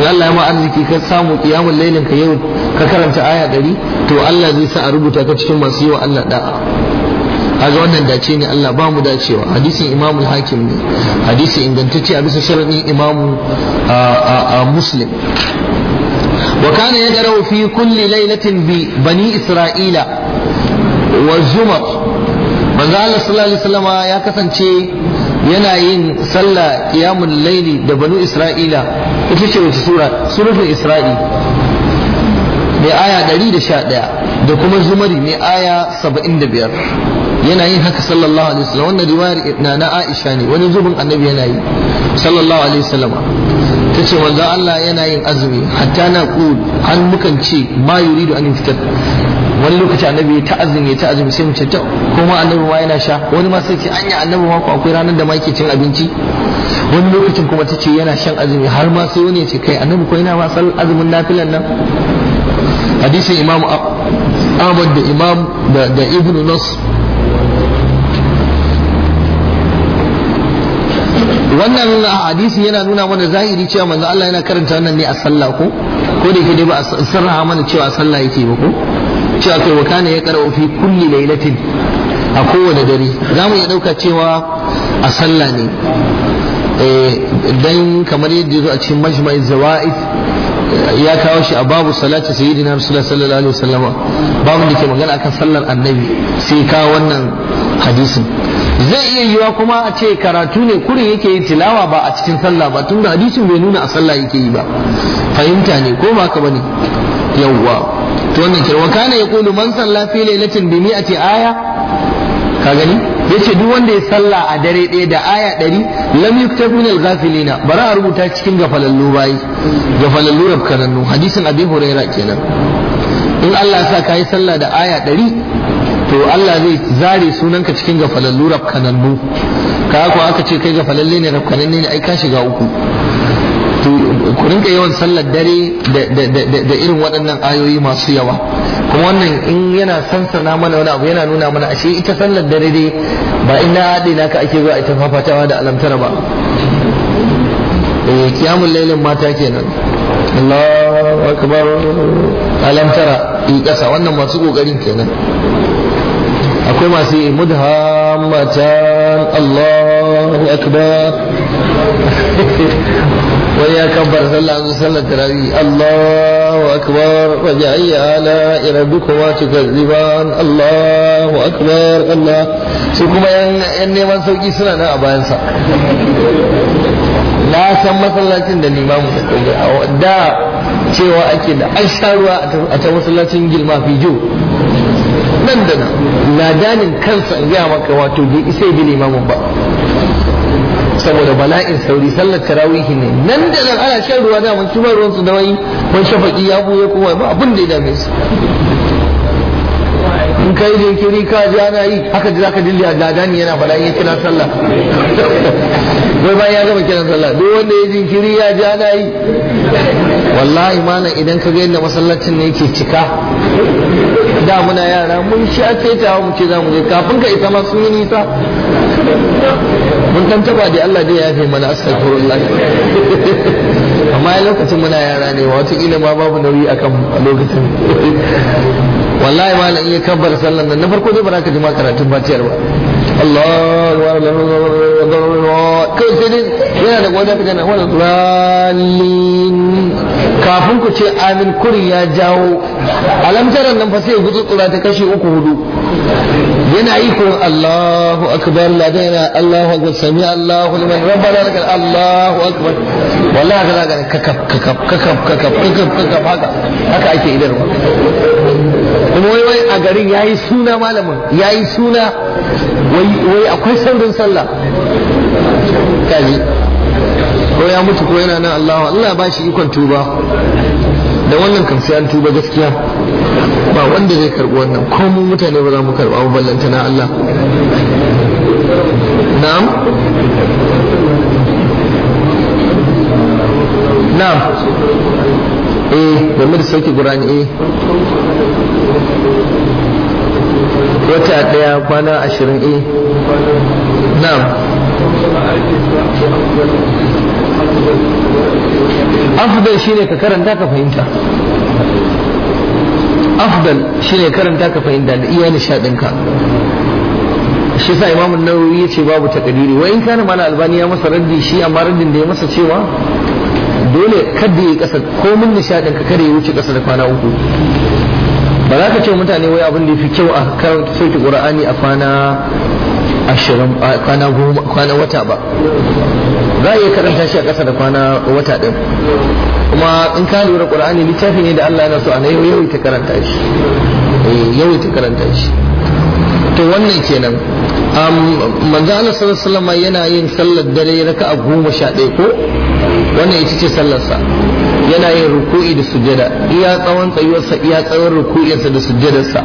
in Allah ya ma arziki ka samu kiyamun lailin ka yau ka karanta aya ɗari to Allah zai sa a rubuta ka cikin masu yi wa Allah da'a kaga wannan dace ne Allah ba mu dacewa hadisin Imam al-Hakim ne hadisi ingantacce a bisa sharadin Imam a Muslim wa ya yadra'u fi kulli lailatin bi bani isra'ila wa zumar manzo Allah sallallahu alaihi wasallam ya kasance yana yin sallah ƙiyamun laili da banu isra'ila ita ce wata sura suratul isra'i aya 111 da kuma zumari mai aya 75 yana yin haka sallallahu alaihi wasallam wannan riwayar na na Aisha ne wani zubin annabi yana yi sallallahu alaihi wasallam tace wanda Allah yana yin azumi hatta na ku an mukan ce ma yuridu an fitar wani lokaci annabi ta azumi ya azumi sai mu ce kuma annabi ma yana sha wani ma sai ce anya annabi ma ku akwai ranar da ma yake cin abinci wani lokacin kuma ta ce yana shan azumi har ma sai wani ya ce kai annabi ko yana ma azumin nafilan nan hadisin imam Ahmad da imam da ibnu Nas wannan hadisi yana nuna mana zahiri cewa manzo Allah yana karanta wannan ne a sallah ko ko da yake dai ba sarraha mana cewa a sallah yake ba ko cewa kai wa kana ya qara'u fi kulli lailatin a kowane dare za mu iya dauka cewa a sallah ne eh, dan kamar yadda ya zo a cikin majma'i zawa'id eh, ya kawo shi a babu salati sayyidina rasulullahi sallallahu alaihi wasallam babu da ke magana akan sallar annabi sai kawo wannan hadisin zai iya yiwa kuma a ce karatu ne kurin yake yi tilawa ba a cikin sallah ba tunda hadisin bai nuna a sallah yake yi ba fahimta ne ko ba ka bane yawwa to wannan kirwa kana kulu man salla fi lailatin bi mi'ati aya ka gani yace duk wanda ya salla a dare ɗaya da aya ɗari lam yuktabu min al-ghafilina bara a rubuta cikin gafalallu bayi gafalallu rabkanannu hadisin abi hurairah kenan in Allah ya sa kai sallah da aya ɗari to Allah zai zare sunanka cikin gafalallu rafkanannu ka ku aka ce kai gafalalle ne rafkananne ne ai ka shiga uku to ku rinka yawan sallar dare da irin waɗannan ayoyi masu yawa kuma wannan in yana sansana mana wani abu yana nuna mana ashe ita sallar dare dai ba ina haɗe naka ake zuwa ita fafatawa da alamtara ba eh kiyamun lailin mata kenan Allahu akbar alamtara in ƙasa wannan masu ƙoƙarin kenan akwai masu yi mudhammatan Allahu akbar *laughs* wani ya kabbar sallah an sallar tarawih Allahu akbar wa ja'ayya ala irabbikuma tukazziban Allahu akbar Allah su kuma yan neman sauki suna nan a bayansa *laughs* na san masallacin da limamu ta da cewa ake da an sha ruwa a ta masallacin gilma fi jo. nan da nan ladanin kansa in gaya maka wato bai isa bi limamin ba saboda bala'in sauri sallar tarawihi ne nan da nan ana shan ruwa da mun ruwan su da wai mun shafaki ya buye kuma ba abin da ya dame su in kai jinkiri ka ji ana yi haka ji zaka dilli ladani yana fada in ya kira sallah wai bayan ya gama kiran sallah duk wanda ya jinkiri ya ji ana yi wallahi mana idan ka ga yadda masallacin ne yake cika da muna yara mun ce tawo mu ce za mu je kafin ka isa ma sun yi nisa mun tantaba da Allah dai ya fi mana astaghfirullah amma lokacin muna yara ne wataƙila ma babu nauyi akan a lokacin wallahi ma in ya kabbar sallan nan na farko dai ba za ka ji ma karatun baciyar ba Allahu akbar kai sai dai yana da godiya ka jana wannan zalin kafin ku ce amin kurin ya jawo alamtaran nan fa sai ya guji tsura ta kashe uku hudu yana yi Allahu akbar ladan yana Allahu akbar sami Allahu liman rabbana lakal Allahu akbar wallahi haka zaka kakaf kakaf kakaf kakaf kakaf kakaf haka haka ake ba. kuma wai wai a garin yayi suna malamin yayi suna wai wai akwai sandun sallah kaji ko ya mutu ko yana nan Allahu Allah ba shi ikon tuba da wannan kan sai an tuba gaskiya ba wanda zai karbi wannan komun mutane ba za mu karba mu ballanta na Allah na'am na'am eh game da sauki gurani eh wata daya kwana ashirin eh na'am afdal shine ka karanta ka fahimta afdal shine karanta ka fahimta da iya nishaɗinka shi sa imamu nawawi ya ce babu takadiri wa in kana mana albani ya masa raddi shi amma raddin da ya masa cewa dole kada ya kasa komin nishadin ka kada ya wuce kasa da kwana uku ba za ka ce mutane wai abin da ya fi kyau a karanta sauti qur'ani a kwana ashirin kwana goma kwana wata ba za a iya karanta shi a ƙasa da kwana wata ɗin kuma in ka lura ƙur'ani littafi ne da Allah yana so a na yau ta karanta shi eh, yau ta karanta shi to wannan kenan manzo Allah sallallahu alaihi yana yin sallar dare raka'a goma sha ɗaya ko wannan ita ce sallarsa yana yin ruku'i da sujada iya tsawon tsayuwarsa iya tsawon ruku'insa da sujadarsa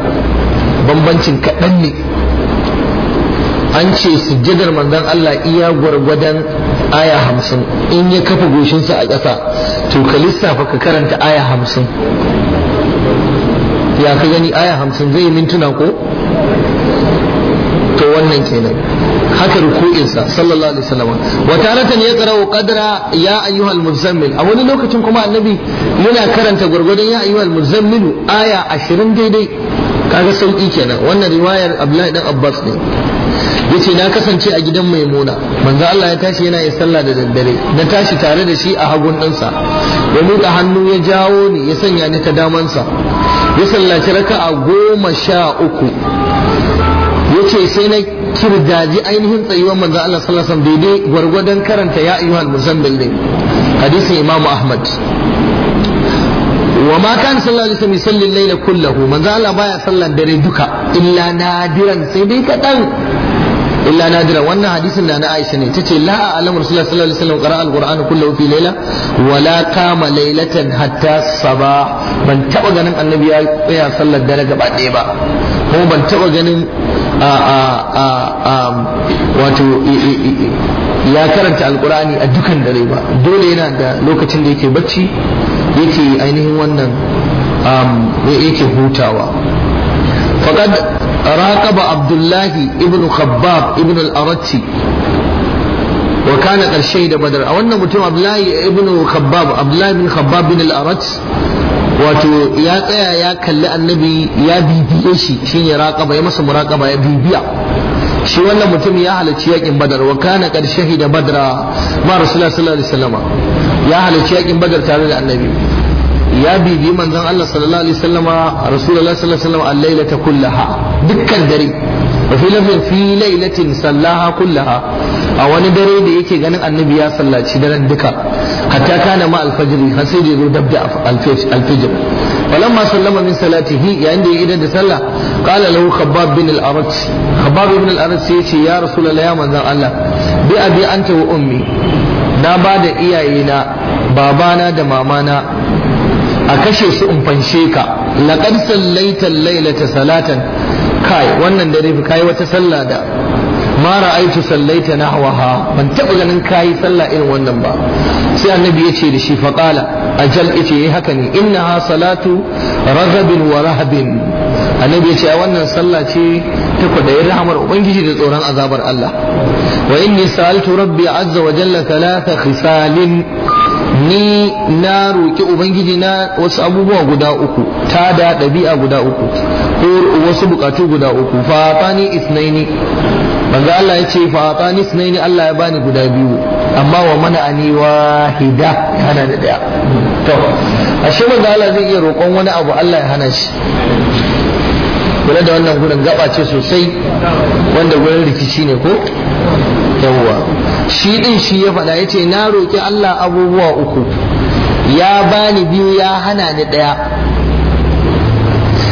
bambancin kaɗan ne an ce sujjadar manzon Allah iya gwargwadon aya hamsin in ya kafa goshinsa a ƙasa to ka lissafa ka karanta aya hamsin ya ka gani aya hamsin zai mintuna ko to wannan kenan haka ruku'insa sallallahu alaihi wasallam wa taratan ya qara'u qadra ya ayyuhal muzammil a wani lokacin kuma annabi yana karanta gwargwadon ya ayyuhal muzammil aya 20 daidai kaga sauki kenan wannan riwayar Abdullahi dan Abbas ne yace na kasance a gidan Maimuna manzo Allah ya tashi yana yin sallah da daddare na tashi tare da shi a hagun ɗansa ya buɗe hannu ya jawo ni ya sanya ni ta damansa ya sallaci raka'a goma sha uku yace sai na kirdaji ainihin tsayuwar manzo Allah sallallahu alaihi wasallam daidai gwargwadon karanta ya ayyuhal muzammil din hadisin Imam Ahmad wa ma kan sallallahu alaihi wasallam yusalli al-layla kullahu manzo Allah baya sallan dare duka illa nadiran sai dai kadan illa nadira wannan hadisin da na Aisha ne tace la a'lamu rasulullah sallallahu alaihi wasallam qara'a al-qur'ana kullahu fi layla wa la qama laylatan hatta sabah ban taba ganin annabi ya tsaya sallar dare gaba ɗaya ba kuma ban taba ganin wato ya karanta alkur'ani a dukan dare ba dole yana da lokacin da yake bacci yake ainihin wannan yake hutawa faqad raqaba abdullahi ibn khabbab ibn al-aratti wa kana qad shahida badar a wannan mutum abdullahi ibn khabbab abdullahi ibn khabbab bin al-aratti wato ya tsaya ya kalli annabi ya bibiye shi shine raqaba ya masa muraqaba ya bibiya shi wannan mutum ya halarci yakin badar wa kana qad shahida badra ma rasulullahi sallallahu alaihi wasallam ya halarci yakin badar tare da annabi ya bibi manzon Allah sallallahu alaihi wasallama Rasulullah sallallahu alaihi wasallam al-lailata kullaha dukkan dare wa fi lafin fi lailatin sallaha kullaha a wani dare da yake ganin annabi ya sallaci daren duka hatta kana ma al fajr har sai da zo dab da al-fajr falamma sallama min salatihi yayin da ya idan da sallah qala lahu khabbab bin al-arat khabbab bin al-arat sai ya ce ya rasulullahi ya manzon Allah bi abi anta wa ummi na ba da iyayena babana da mamana a kashe su in fanshe ka laqad sallaita laylata salatan kai wannan dare fi kai wata sallah da ma ra'aitu sallaita nahwaha ban taba ganin kai sallah irin wannan ba sai annabi ya ce da shi faqala ajal yace eh, haka ne innaha salatu raghabin wa rahabin annabi ya ce wannan sallah ce ta kwadayin rahamar ubangiji da tsoron azabar Allah wa inni sa'altu rabbi azza wa jalla thalatha khisalin ni na roƙi ubangiji na wasu abubuwa guda uku ta da ɗabi'a guda uku ko wasu buƙatu guda uku fatani isnaini banza Allah ya ce fatani isnaini Allah ya bani guda biyu amma wa mana ani wahida hana da daya to ashe banza Allah zai iya roƙon wani abu Allah ya hana shi kula da wannan gurin gaba ce sosai wanda gurin rikici ne ko yawwa shi ɗin shi ya faɗa yace na roƙi Allah abubuwa uku ya bani biyu ya hana ni ɗaya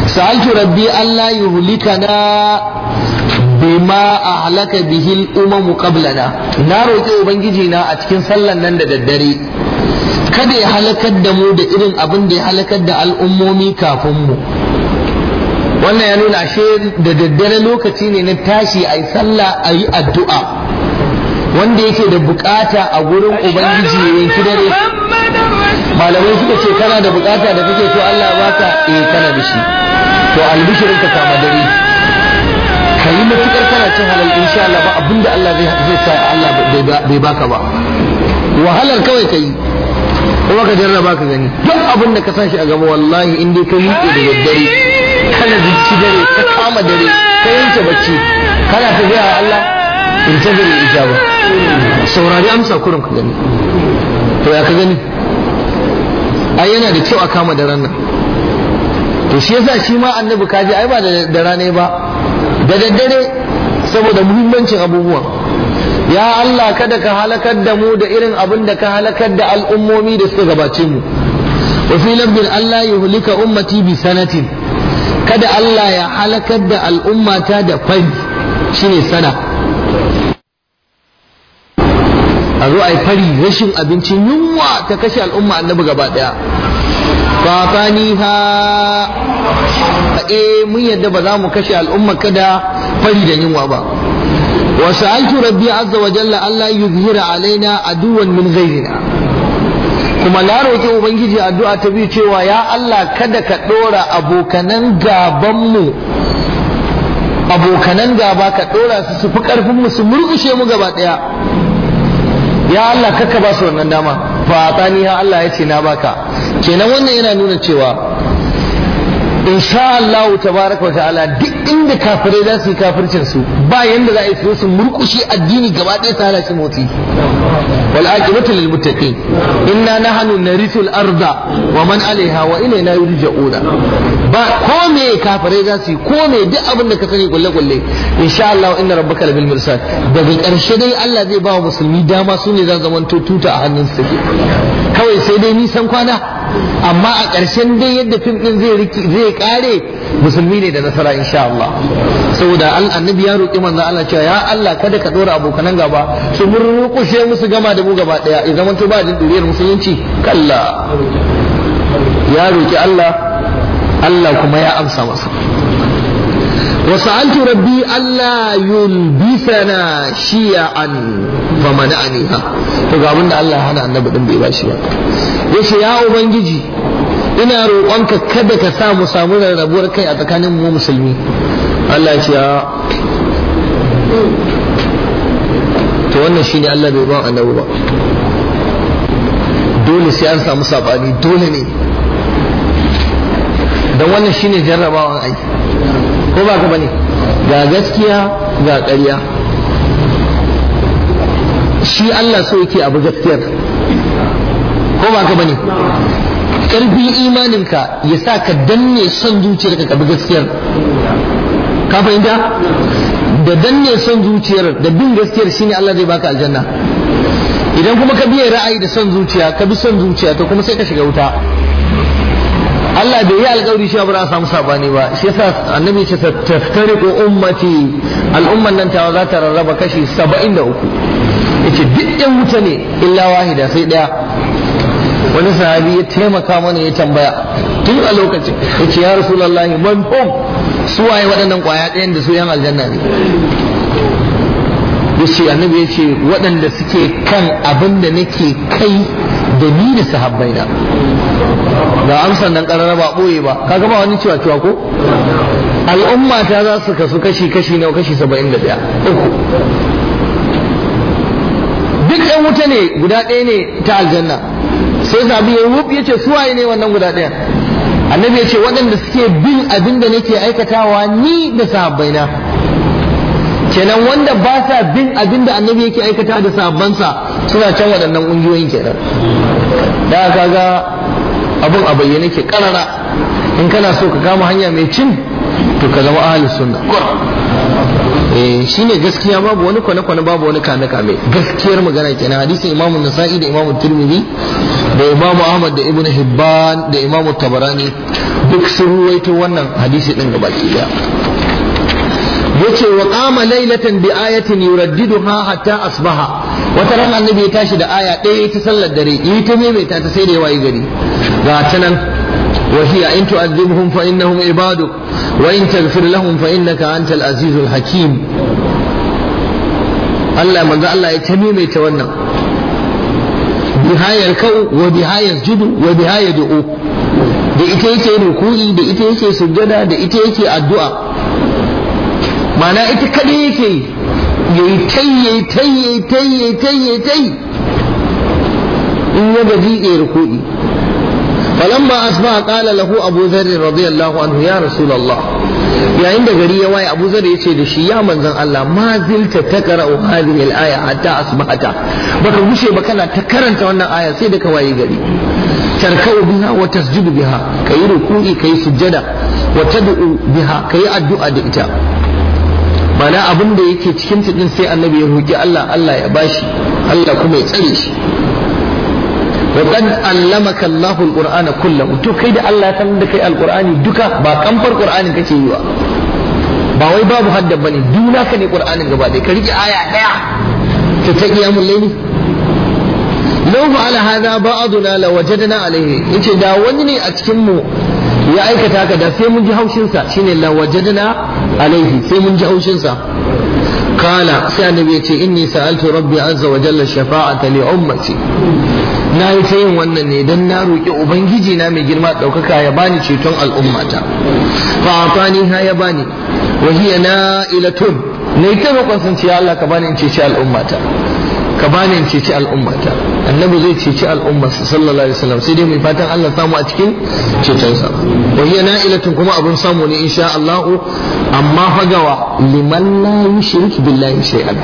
sa'altu rabbi Allah yuhlikana bima ahlaka bihil umamu qablana na roƙi ubangiji na a cikin sallan nan da daddare kada ya halakar da mu da irin abin da ya halakar da al'ummomi kafin mu wannan ya nuna ashe da daddare lokaci ne na tashi a yi sallah a yi addu'a wanda yake da bukata a gurin ubangiji ya yanki dare malamai suka ce kana da bukata da kake so Allah ya baka eh kana da shi to albishirin ka kama dare kai matukar kana cin halal insha Allah ba abinda Allah zai zai sa Allah bai baka ba wahalar kawai kai kuma ka jarraba ka gani duk abin da ka shi a gaba wallahi in dai ka miƙe da daddare kana zuci dare ka kama dare ka yanke bacci kana tafiya Allah in ta zai ijaba saurari amsa kurin ku gani to ya ka gani ai yana da kyau a kama da ranar to shi yasa shi ma annabi kaji ai ba da rane ba da daddare saboda muhimmancin abubuwa ya Allah kada ka halakar da mu da irin abin da ka halakar da al'ummomi da suka gabace mu wa fi lafdin Allah hulika ummati bi sanatin kada Allah ya halakar da al'ummata da fari shine sana a zo a yi fari rashin abincin yunwa ta kashe al'umma annabi gaba daya a eh mun yadda ba za mu kashe al'umma kada fari da yunwa ba wa sa'altu rabbi azza wa jalla Allah yuzhira alaina aduwan min ghayrina kuma na roƙi ubangiji addu'a ta biyu cewa ya Allah kada ka ɗora abokanan gabanmu abokanan gaba ka ɗora su su fi ƙarfin mu su murƙushe mu gaba ɗaya ya Allah kakka ba su wannan dama fa tsani ha Allah ya ce na baka kenan wannan yana nuna cewa insha Allah tabaraka ta'ala duk inda kafirai za su yi kafircin su ba yanda za a yi su murkushe addini gaba ɗaya ta halashi shi motsi wal aqibatu lil muttaqin inna nahnu narithu al arda wa man alaiha wa ilayna yurja'una ba ko me kafirai za su yi ko me duk abin da ka sani kulle kulle insha Allah inna rabbaka labil mursal daga ƙarshe dai Allah zai ba wa musulmi dama su ne za zamanto tuta a hannun su kawai sai dai nisan kwana amma a ƙarshen dai yadda fim ɗin zai ƙare musulmi ne da nasara insha Allah saboda annabi ya roƙi manzo Allah cewa ya Allah kada ka ɗora abokanan gaba su mun rukushe musu gama da mu gaba ɗaya ya zama to ba jin duriyar musulunci kalla ya roƙi Allah Allah kuma ya amsa masa وسألت ربي ألا يلبسنا شيعا Allah فقامن الله أنا النبي دم bashi باشي yace ya ubangiji ina roƙon ka kada ka sa mu samu rarrabuwar kai a tsakanin mu musulmi Allah ce to wannan shine Allah bai ba annabi ba dole sai an samu sabani dole ne dan wannan shine jarrabawan aiki ko ba ka bane ga gaskiya ga ƙarya shi Allah so yake abu gaskiyar ko ba ka bane ƙarfin imaninka ya sa ka danne son zuciyar ka kabi gaskiyar ka fahimta da danne son zuciyar da bin gaskiyar shine Allah zai baka aljanna idan kuma ka biye ra'ayi da son zuciya ka bi son zuciya to kuma sai ka shiga wuta Allah bai yi alƙawari cewa ba samu sabani ba shi yasa annabi ta ce ko ummati al'umman nan tawa za ta rarraba kashi 73 yace duk yan wuta ne illa wahida sai daya wani sahabi ya taimaka mana ya tambaya tun a lokacin yace ya lallahi man hum waye waɗannan ƙwaya ɗayan da su yan aljanna ne yace annabi ya ce waɗanda suke kan abin da nake kai da ni da sahabbaina ga amsan nan karara ba ɓoye ba kaga ba wani cewa cewa ko al'umma ta za su kasu kashi kashi nawa kashi saba'in da ɗaya duk ɗan wuta ne guda ɗaya ne ta aljanna sai sabi ya wuf ya ce suwaye ne wannan guda ɗaya annabi ya ce waɗanda suke bin abin da nake aikatawa ni da sahabbaina kenan wanda ba sa bin abin da annabi yake aikata da sahabbansa suna can waɗannan ƙungiyoyin kenan da kaga Abin a bayyane ke karara in kana so ka kama hanya mai cin to ka zama ahlus sunna eh shine gaskiya babu wani kwane kwane babu wani kame kame gaskiyar magana kenan hadisin imamu nasa'i da imamu tirmidhi da imamu ahmad da ibnu hibban da imamu tabarani duk sun ruwaito wannan hadisi din gabaki daya yace wa qama laylatan bi ayatin yuraddiduha hatta asbaha wata ran annabi ya tashi da aya ɗaya ita sallar dare yi ta maimaita ta sai da yawa gari ga ta nan وهي إن تعذبهم فإنهم عبادك وإن تغفر لهم فإنك أنت العزيز الحكيم الله من wannan bihayar kau wa bihayar وبها wa bihayar يدعو da ita yake ruku'i da ita yake sujjada da ita yake addu'a mana ita kadai yake yayi tai yayi tai yayi tai yayi tai yayi tai in ya gaji ya rukudi فلما أصبح قال له أبو ذر رضي الله عنه يا رسول الله يا عند غري يا أبو ذر يشي دشي يا من ذن الله ما زلت تقرأ هذه الآية حتى أصبحت بك مشي بكنا تكرنت وانا آية سيدك واي غري تركو بها وتسجد بها كي ركوعي كي سجدة وتدعو بها كي أدعو أدئتا mana abin da yake cikin tudin sai annabi ya roki Allah Allah ya bashi Allah kuma ya tsare shi وقد علمك الله القرآن كله to kai da Allah ya sanar da kai alqur'ani duka ba kamfar qur'anin kake yi ba ba wai babu hadda bane duna ka ne qur'anin gaba dai ka rike aya daya ta ta qiyamul layli law fa'ala hadha ba'duna lawajadna alayhi yace da wani ne a cikin mu ya aikata ka da sai mun ji haushin sa shine lawajadna alaihi sai mun ji haushinsa kala sai annabi ya ce inni sa'altu rabbi azza wa jalla shafa'ata li ummati na yi ta yin wannan ne don na roƙi ubangiji na mai girma ɗaukaka ya bani ceton al'ummata fa afani ha ya bani wa hiya na'ilatun ne ta roƙon sun ce Allah ka bani in ceci al'ummata ka bani in ceci al'ummata annabi zai ceci al'umma sallallahu alaihi wasallam sai dai mai fatan Allah samu a cikin sa wa hiya na'ilatun kuma abun samu ne insha Allah amma hagawa liman la yushrik billahi shay'an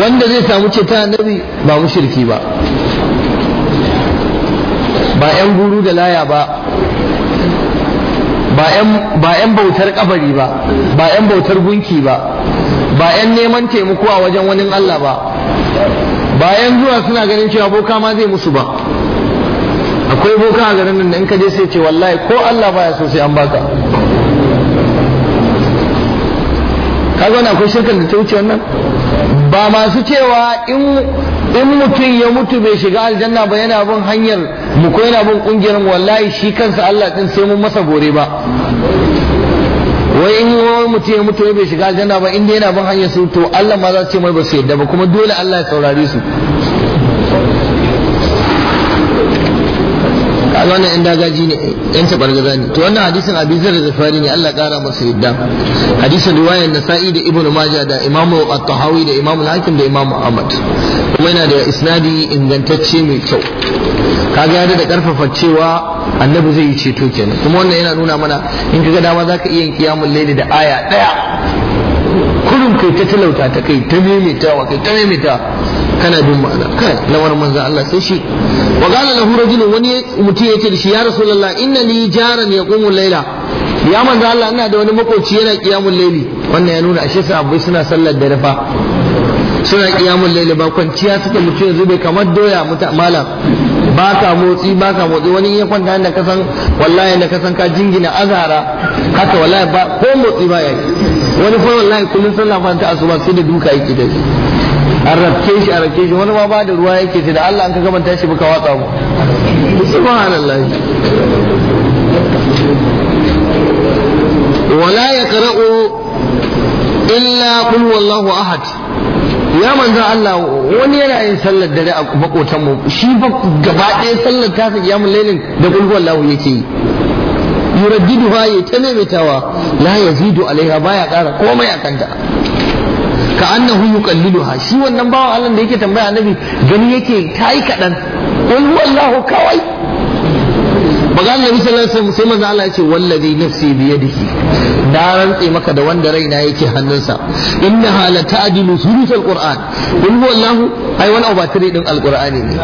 wanda zai samu ceta annabi ba mushriki ba ba yan guru da laya ba ba yan bautar kabari ba ba yan bautar gunki ba ba yan neman taimako a wajen wani Allah ba bayan zuwa suna ganin cewa boka ma zai musu ba akwai boka a garin nan in ka je sai ce wallahi ko Allah baya so sai an baka kaga wannan akwai shirkan da ta wuce wannan ba masu cewa in mutum ya mutu bai shiga aljanna ba yana bin hanyar mu ko yana bin kungiyar wallahi shi kansa Allah din sai mun masa gore ba wai in wani mutum ya mutu bai shiga aljanna ba inda yana bin hanyar su to Allah ma za su ce mai ba su yadda ba kuma dole Allah ya saurare su wannan yan dagaji ne yan tabargaza ne to wannan hadisin abi da zafari ne Allah kara masa yadda hadisin riwayar nasa'i da ibnu majah da imam at-tahawi da imam al-hakim da imam ahmad kuma yana da isnadi ingantacce mai kyau kaga da karfafa cewa annabi zai yi ceto kenan kuma wannan yana nuna mana in kaga dama zaka iya yin kiyamul laili da aya daya kurun kai ta talauta ta kai ta wa kai ta maimaitawa kana bin ma'ana kai lamarin manzo Allah sai shi wa gala lahu rajul wani mutum yake da shi ya rasulullah inna li jaran yaqumu layla ya manzo Allah ina da wani makoci yana qiyamul layli wannan ya nuna ashe sahabbai suna sallar dare fa suna qiyamul layli ba kwanciya suka mutu yanzu bai kamar doya muta malam baka motsi baka motsi wani ya kwanta da san wallahi ka san ka jingina azara haka wallahi ba ko motsi ba yayi wani fa wallahi kullun sallah ba ta asuba sai da duka yake da shi an rabce shi a shi wani ma ba da ruwa yake ce da Allah an ka gaban shi baka watsa mu subhanallah wala yaqra'u illa qul wallahu ahad ya manzo Allah wani yana yin sallar dare a makotan mu shi ba gaba ɗaya sallar ta sa kiyamul lailin da qul wallahu yake yi yuraddiduha ya ta maimaitawa la yazidu alaiha baya ƙara komai a kanta ka annahu yuqalliluha shi wannan bawan Allah da yake tambaya annabi gani yake tayi kadan qul huwallahu kawai bagan nabi sallallahu alaihi sai manzo Allah ya ce wallazi nafsi bi yadihi na rantse maka da wanda raina yake hannunsa innaha la ta'dilu thuluthal qur'an qul huwallahu ai wani abatiri din alqur'ani ne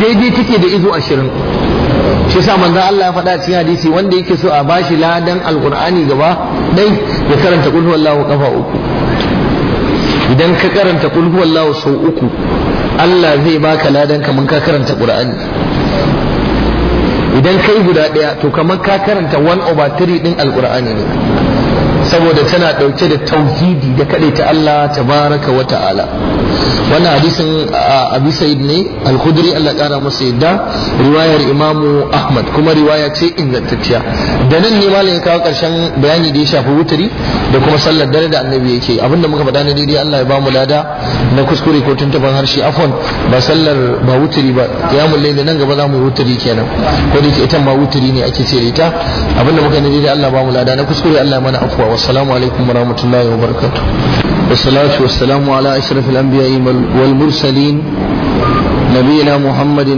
daidai take da izo 20 shi sa manzo Allah ya faɗa cikin hadisi wanda yake so a bashi ladan alqur'ani gaba dai ya karanta qul huwallahu kafa uku idan ka karanta kul huwallahu sau uku Allah zai baka ladan kaman ka karanta Qur'ani idan kai guda daya to kaman ka karanta 1 over 3 din alqur'ani ne saboda tana ɗauke da tauhidi da kaɗai ta Allah tabaraka wa ta'ala wannan hadisin abu sa'id ne al-khudri Allah ƙara masa yadda riwayar imamu ahmad kuma riwaya ce ingantacciya da nan ne ya kawo ƙarshen bayani da ya shafi wutari da kuma sallar dare da annabi yake abinda muka faɗa na daidai Allah ya ba mu lada na kuskure ko tuntuban harshe afon ba sallar ba wutari ba ya mulle nan gaba za mu wutari kenan ko da ita ma wutari ne ake ce da ita abinda muka na dai-dai Allah ba mu lada na kuskure Allah mana afwa والسلام عليكم ورحمة الله وبركاته والصلاة والسلام على أشرف الأنبياء والمرسلين نبينا محمد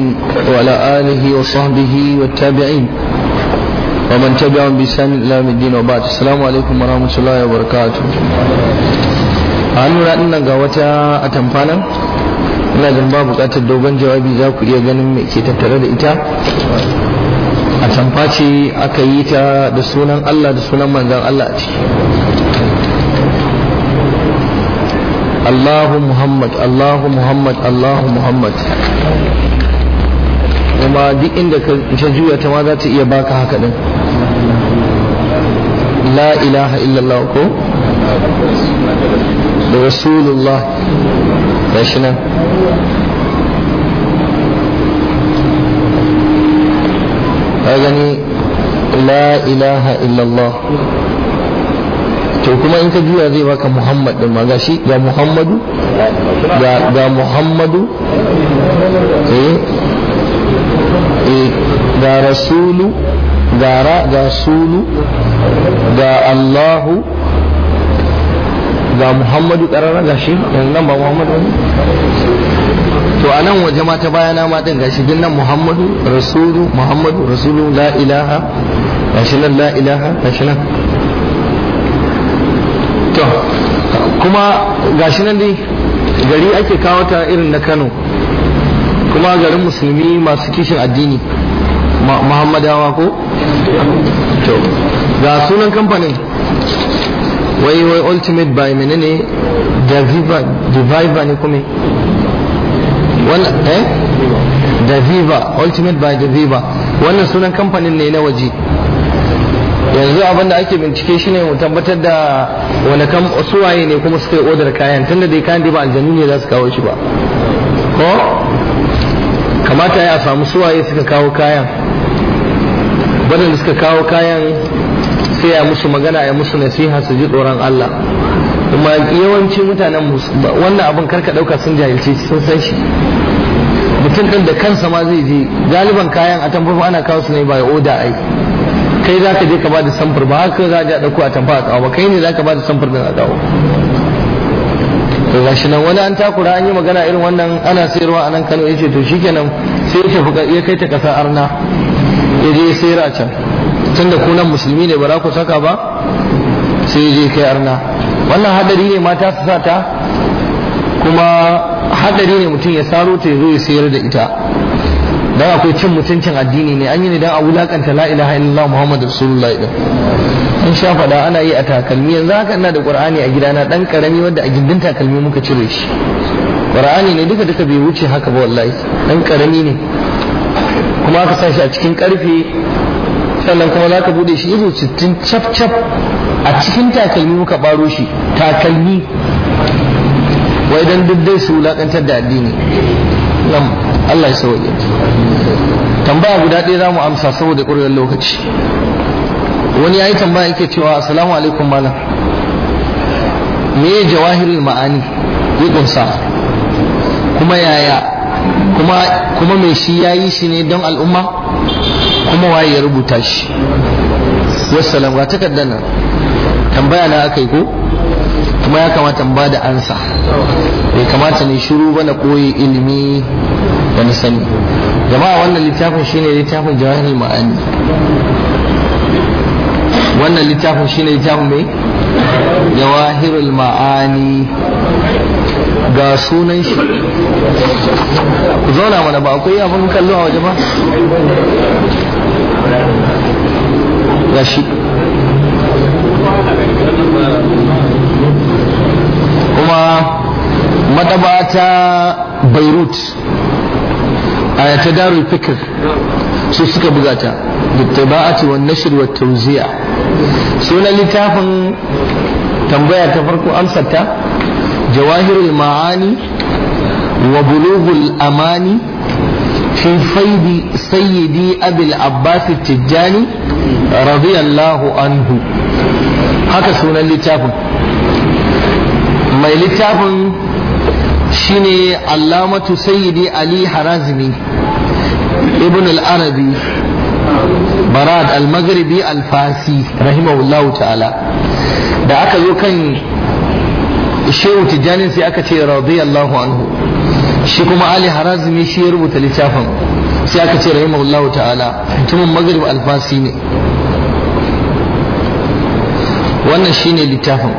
وعلى آله وصحبه والتابعين ومن تبعهم بإحسان إلى يوم الدين وبعد السلام عليكم ورحمة الله وبركاته an nuna ina ga wata atamfanan ina jin ba bukatar dogon jawabi za ku iya ganin me ke tattare da ita a tamfa aka yi ta da sunan Allah da sunan manzan Allah a ciki Allahu Muhammad Allahu Muhammad Allahu Muhammad kuma duk inda ka juya ta ma za ta iya baka haka din la ilaha illallah ko da rasulullah gashi nan ka gani la ilaha illallah to kuma in ka juya zai baka muhammad din ma gashi ga muhammadu ga muhammadu eh eh ga rasulu ga ra ga sulu ga allahu ga muhammadu karara gashi nan ba muhammadu to a nan waje ma ta bayana ma din gashi din nan muhammadu rasulu muhammadu rasulu la ilaha gashi nan la ilaha gashi nan to kuma gashi nan dai gari ake kawo ta irin na kano kuma garin musulmi masu kishin addini muhammadawa ko to ga sunan kamfanin wai wai ultimate by menene diviva ne kuma wannan da eh? viva ultimate by da viva wannan sunan kamfanin ne na waje yanzu abin da ake bincike shi ne mu tabbatar da wani kam suwaye ne kuma suka yi odar kayan tunda dai kayan dai ba aljanu ne za su kawo shi ba ko kamata ya samu suwaye suka kawo kayan waɗanda suka kawo kayan sai ya musu magana ya musu nasiha su ji tsoron Allah kuma yawanci mutanen wannan abin karka dauka sun jahilci sun san shi mutum ɗin da kansa ma zai je galiban kayan a tamfa ana kawo su ne ba oda ai kai za ka je ka ba da samfur ba haka za a ɗauko a tamfa a kawo ba kai ne za ka ba da samfur da a kawo to gashi nan wani an takura an yi magana irin wannan ana sayarwa a nan Kano ya ce to shikenan sai ya tafi ya kai ta kasa arna ya je sayar a can tunda ku nan musulmi ne ba za ku saka ba sai ya je kai arna wannan hadari ne mata su sa ta kuma hadari ne mutum ya saro ta zo ya sayar da ita dan akwai cin mutuncin addini ne an yi ne dan a wulakanta la ilaha illallah muhammadu rasulullah din in sha faɗa ana yi a takalmi yanzu haka ina da qur'ani a gidana dan karami wanda a gindin takalmi muka cire shi qur'ani ne duka duka bai wuce haka ba wallahi dan karami ne kuma aka sa shi a cikin karfe sannan kuma za ka bude shi ido sittin cap cap a cikin takalmi muka baro shi takalmi wai dan duk dai su wulakantar da addini nan Allah ya sauke tambaya guda ɗaya zamu amsa saboda ƙuriyar lokaci wani yayi tambaya yake cewa assalamu alaikum malam me jawahirul ma'ani ya kunsa kuma yaya kuma kuma me shi yayi shi ne don al'umma kuma waye ya rubuta shi wassalam ga takardar nan tambaya na aka yi ko kuma ya kamata in bada ansa bai kamata ne shiru ba na koyi ilimi da na sani jama'a wannan littafin shine littafin jawahirul ma'ani wannan littafin shine littafin mai jawahirul ma'ani ga sunan shi ku zauna mana ba akwai abin kallo a waje ba ga shi kuma matabata ta beirut a ta darul fikir su suka buga ta bittaba'ati wa nashir wa tawzi'a sunan littafin tambaya ta farko amsarta jawahirul ma'ani wa bulughul amani fi Sayyidi سيدي أبي Tijjani, tijjani radiyallahu anhu, haka sunan littafin. mai littafin shine allamatu sayyidi ali harazmi ibn al-arabi barad al-maghribi al-fasi rahimahullahu ta'ala da aka zo kan shehu tijjani sai aka ce radiyallahu anhu shi kuma ali harazmi shi ya rubuta littafin sai aka ce rahimahullahu ta'ala mutumin maghrib al-fasi ne wannan shine littafin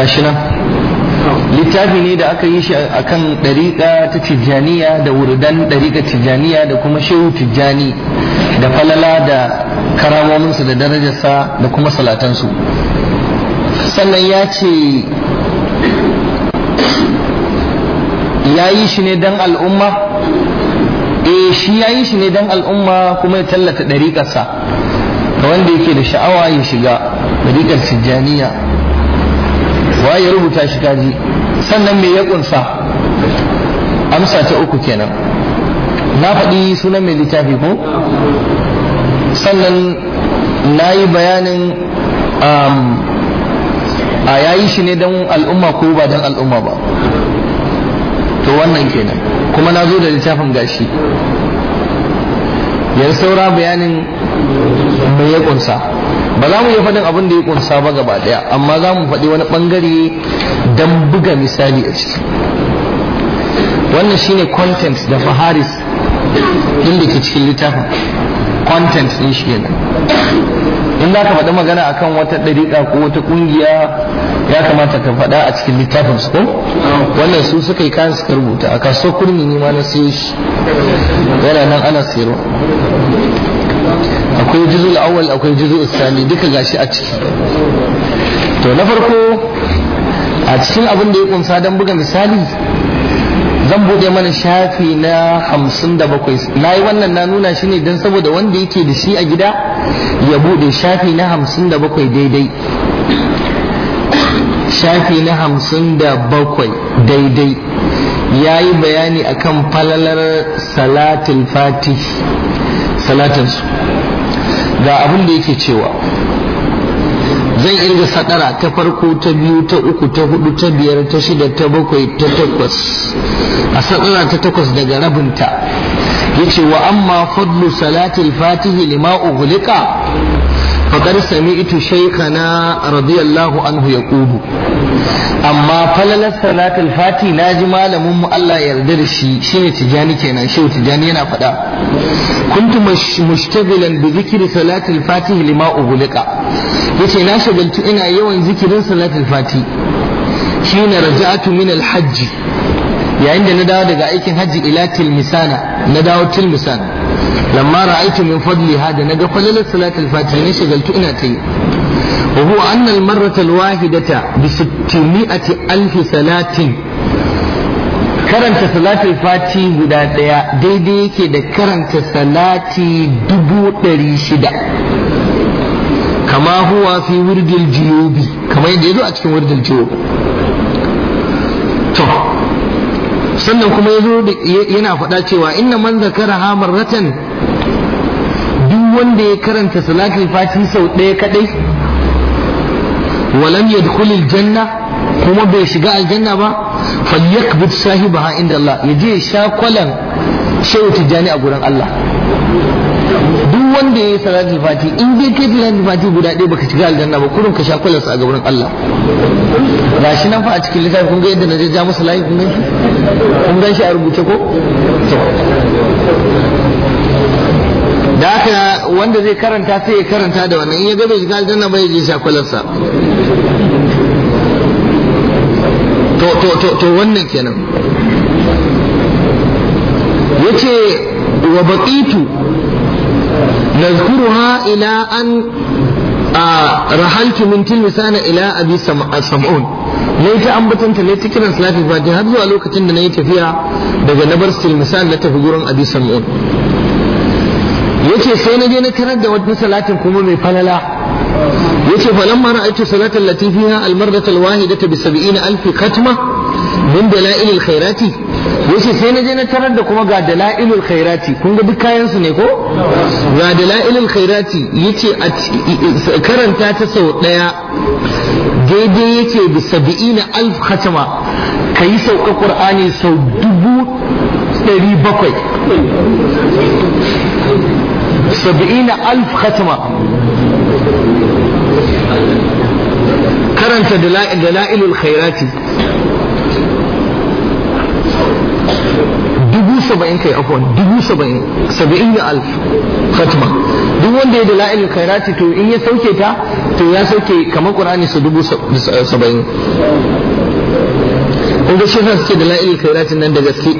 gashi nan littafi ne da aka yi shi akan ɗariƙa ta tijjaniya da wurdan ɗariƙa tijjaniya da kuma shehu tijjani da falala da karamominsu da darajarsa da kuma salatansu sannan ya ce ya yi shi ne don al'umma eh shi ya yi shi ne don al'umma kuma ya tallata ɗariƙarsa ga wanda yake da sha'awa ya shiga ɗariƙar tijjaniya wa ya rubuta shi kaji sannan me ya kunsa amsa ta uku kenan na faɗi sunan mai littafi ko sannan na yi bayanin um, a yayi shi ne don al'umma ko ba don al'umma ba to wannan kenan kuma na zo da littafin gashi yanzu saura bayanin mai ya kunsa ba za mu yi faɗin abin da ya kunsa ba gaba ɗaya amma za mu faɗi wani ɓangare don buga misali a ciki wannan shine content da faharis ɗin da ke cikin littafin content din shi yana in za ka faɗi magana akan wata ɗariƙa ko wata ƙungiya ya kamata ka faɗa a cikin littafin su ko wannan su suka yi kayan suka rubuta a kasuwar kurmi ne ma na siyo shi yana nan ana sayarwa akwai juzul awal akwai juzul sani duka gashi a ciki to na farko a cikin abin da ya kunsa don buga misali zan bude mana shafi na hamsin da bakwai na wannan na nuna shi ne don saboda wanda yake da shi a gida ya bude shafi na hamsin da bakwai daidai shafi na hamsin da bakwai daidai ya yi bayani akan falalar salatul fatih salatinsu ga abin da yake cewa zan inda sadara ta farko ta biyu ta uku ta hudu ta biyar ta shida ta bakwai ta takwas a sadara ta takwas daga rabinta yace wa amma fadlu salatil fatihi lima ughliqa faƙar sami'tu na radiyallahu anhu ya ƙudu amma falalar salatul fati na ji malamin mu Allah yarda da shi shine Tijjani kenan shehu tijani yana faɗa kuntu mushtagilan bi zikri salatul fati lima ughliqa yace na shagaltu ina yawan zikirin salatul fati shine raja'atu min al-hajj yayin da na dawo daga aikin hajji ila tilmisana na dawo tilmisana lamma ra'aytu min fadliha da naga falalar salatul fatiha ne shagaltu ina ta yi wa huwa anna al-marrata al-wahidata bi 600 alf salatin karanta salatul fati guda ɗaya daidai yake da karanta salati dubu ɗari shida kama huwa fi wurdil jiyobi kamar yadda ya zo a cikin wurdil jiyobi sannan kuma ya zo yana faɗa cewa inna man zakara ha marratan duk wanda ya karanta salatul fati sau ɗaya kadai walam yadkhulil janna kuma bai shiga aljanna ba falyakbut sahibaha inda Allah ya je sha kwalan shehu tijani a gurin Allah duk wanda ya yi salatul fati in dai kai salatul fati guda ɗaya baka shiga aljanna ba kurin ka sha kwalan sa a gurin Allah gashi nan fa a cikin littafi kun ga yadda na ja musu layi kun ganshi kun ganshi a rubuce ko da haka wanda zai karanta sai ya karanta da wannan in ya ga bai shiga aljanna ba ya je sha kwalan sa to to to to wannan kenan yace wa baqitu nazkuruha ila an rahaltu min tilmisana ila abi sam'un ne ta ambatanta ne tikiran salafi har zuwa lokacin da na yi tafiya daga na nabar tilmisan na tafi gurin abi sam'un yace sai na je na karar da wani salatin kuma mai falala yace lamma ra'aytu salatal lati fiha al wahidata bi 70 alf katma min al khairati yace sai na je na tarar da kuma ga al khairati kun ga duk kayan su ne ko ga al khairati yace karanta ta sau daya daidai yace bi 70 alf katma kai sauka qur'ani sau dubu 700 70 alf karanta dala'ilul khairati dubu saba'in kai afwan dubu saba'in saba'in da alf khatma duk wanda ya dala'ilul khairati to in ya sauke ta to ya sauke kamar qur'ani su dubu saba'in inda shi shi suke dala'ilul khairati nan da gaske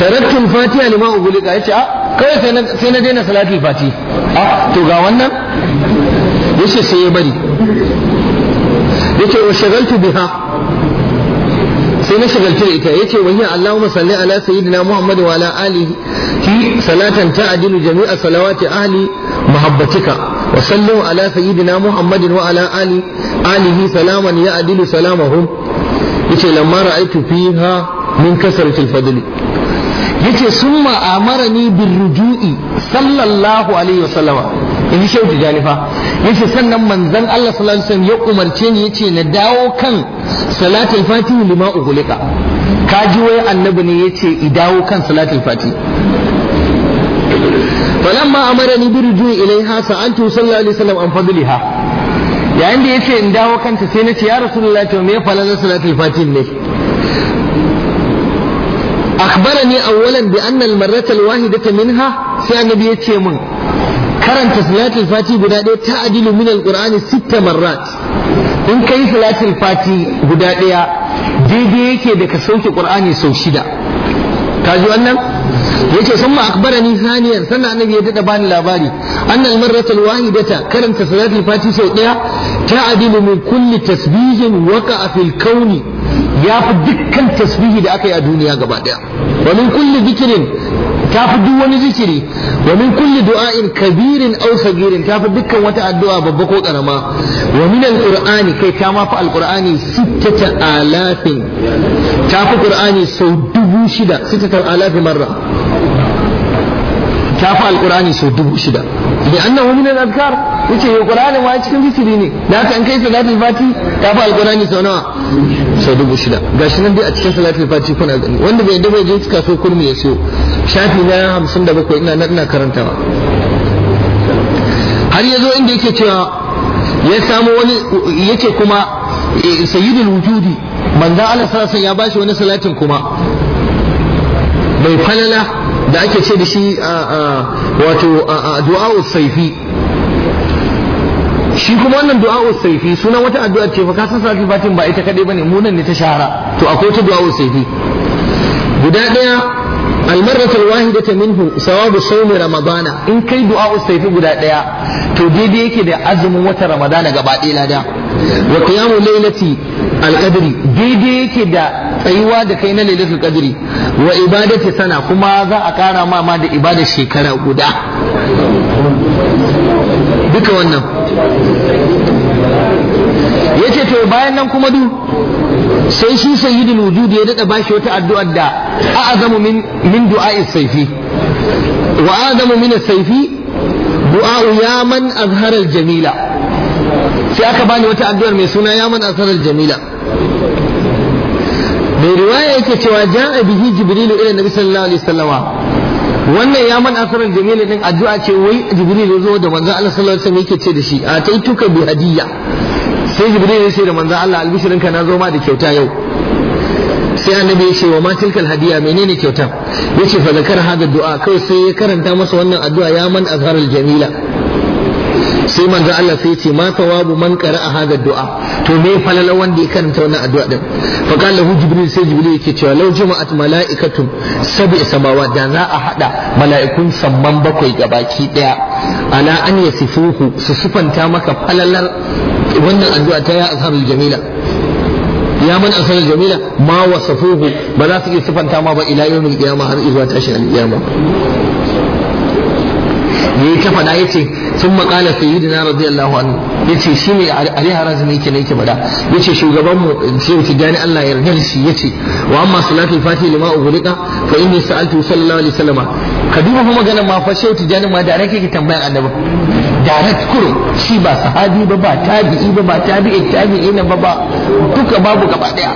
tarattul fatiha lima ughliqa yace a ah, kawai sai na daina salatul fati a to ga wannan yace sai ya bari yace wa shagaltu biha sai na shagaltu da ita yace wa hiya allahumma salli ala sayyidina muhammad wa ala alihi salatan ta ta'dilu jami'a salawati ahli mahabbatika wa sallu ala sayyidina muhammad wa ala ali alihi salaman ya ya'dilu salamahum yace lamma ra'aytu fiha min kasratil fadli yace sun ma'amarani bin ruju'i sallallahu alaihi wasallama in ji shehu tijani fa yace sannan manzon Allah sallallahu alaihi wasallam ya umarce ni yace na dawo kan salatul fatihi lima ughliqa kaji wai annabi ne yace i dawo kan salatul fatihi falamma amarani bi rujui ilaiha sa'antu sallallahu alaihi wasallam an fadliha yayin da yace in dawo kanta sai na ce ya rasulullahi to me falalar salatul fatihi ne akhbarani awwalan bi anna al-marrata ta wahidata minha sai annabi ya ce min karanta salatul fati guda ɗaya ta adilu min qurani sitta marrat in kayi salatul fati guda ɗaya daidai yake da ka sauke qur'ani sau shida ka ji wannan yace sun ma akbarani haniyar sannan annabi ya dada bani labari annal da ta karanta salatul fati sau daya ta'dilu min kulli tasbihin waqa'a fil kauni ya fi dukkan tasbihi da aka yi a duniya gaba daya wa min kulli dhikrin ta fi duk wani zikiri wa min kulli du'ain kabirin aw sagirin ta fi dukkan wata addu'a babba ko karama wa min alqur'ani kai ta ma fi alqur'ani sittata alafin ta fi qur'ani sau dubu shida sittata alafin marra ta fi alqur'ani sau dubu shida bi annan min al-azkar yace ya qur'ani ma cikin zikiri ne da haka in kai salatul fati ta fa al-qur'ani sau nawa sau dubu shida gashi nan dai a cikin salatul fati kuna gani wanda bai dabe je kasuwar kurmi ya siyo shafi na hamsin da bakwai ina ina karantawa har ya zo inda yake cewa ya samu wani yake kuma sayyidul wujudi manzo Allah ya bashi wani salatin kuma bai falala da ake ce da shi wato du'a'u saifi shi kuma wannan du'a'u saifi suna wata addu'a ce fa kasan salatul fatin ba ita kadai bane munan ne ta shahara to akwai ta du'a'u saifi guda daya المرة الواحدة منه ثواب Ramadana, in kai كي دعاء guda ɗaya to daidai yake da azumin wata ramadana gaba ɗaya da. wa qiyamu al-qadr daidai yake da tsayuwa da kai na lailatul qadri wa ibadati sana kuma za a kara ma ma da ibada shekara guda duka wannan yace to bayan nan kuma du sai shi sayyidul wujud ya dada bashi wata addu'a da a'azamu min min du'a'i sayfi wa min as-sayfi du'a ya man azhara al-jamila sai aka bani wata addu'ar mai suna ya man asarar jamila mai riwaya yake cewa a bihi jibrilu ila nabi sallallahu alaihi wasallama wannan ya man asarar jamila din addu'a ce wai jibrilu zo da manzon Allah sallallahu alaihi wasallam yake ce da shi a taituka bi hadiyya sai jibrilu ya ce da manzon Allah albishirinka na zo ma da kyauta yau sai annabi ya ce wa ma tilkal hadiya menene kyauta yace fa zakar hada du'a kai sai ya karanta masa wannan addu'a ya man azharal jamila sai manzo Allah sai ce ma sawabu man qara'a hada du'a to me falala wanda ya karanta wannan addu'a din fa qala hu jibril sai jibril yake cewa law jama'at mala'ikatu sab'i samawa da za a hada mala'ikun samman bakwai gabaki daya ana an yasifuhu su sufanta maka falalar wannan addu'a ta ya azharul jamila ya man asal jamila ma wasafuhu ba za su iya sufanta ma ba ila yawmil qiyamah har izuwa tashin al-qiyamah yi ta faɗa yace sun maƙala sayyidina radiyallahu anhu yace shi ne ali harazmi yake ne yake faɗa yace shugaban mu wuce gani Allah ya yarda shi yace wa amma salatul fati lima ka fa inni sa'altu sallallahu alaihi salama ka duba kuma ganin ma fa wuce gani ma da rake ke tambayan annabi direct kuro shi ba sahabi ba ba tabi'i ba ba tabi'i ina ba ba duka babu gaba daya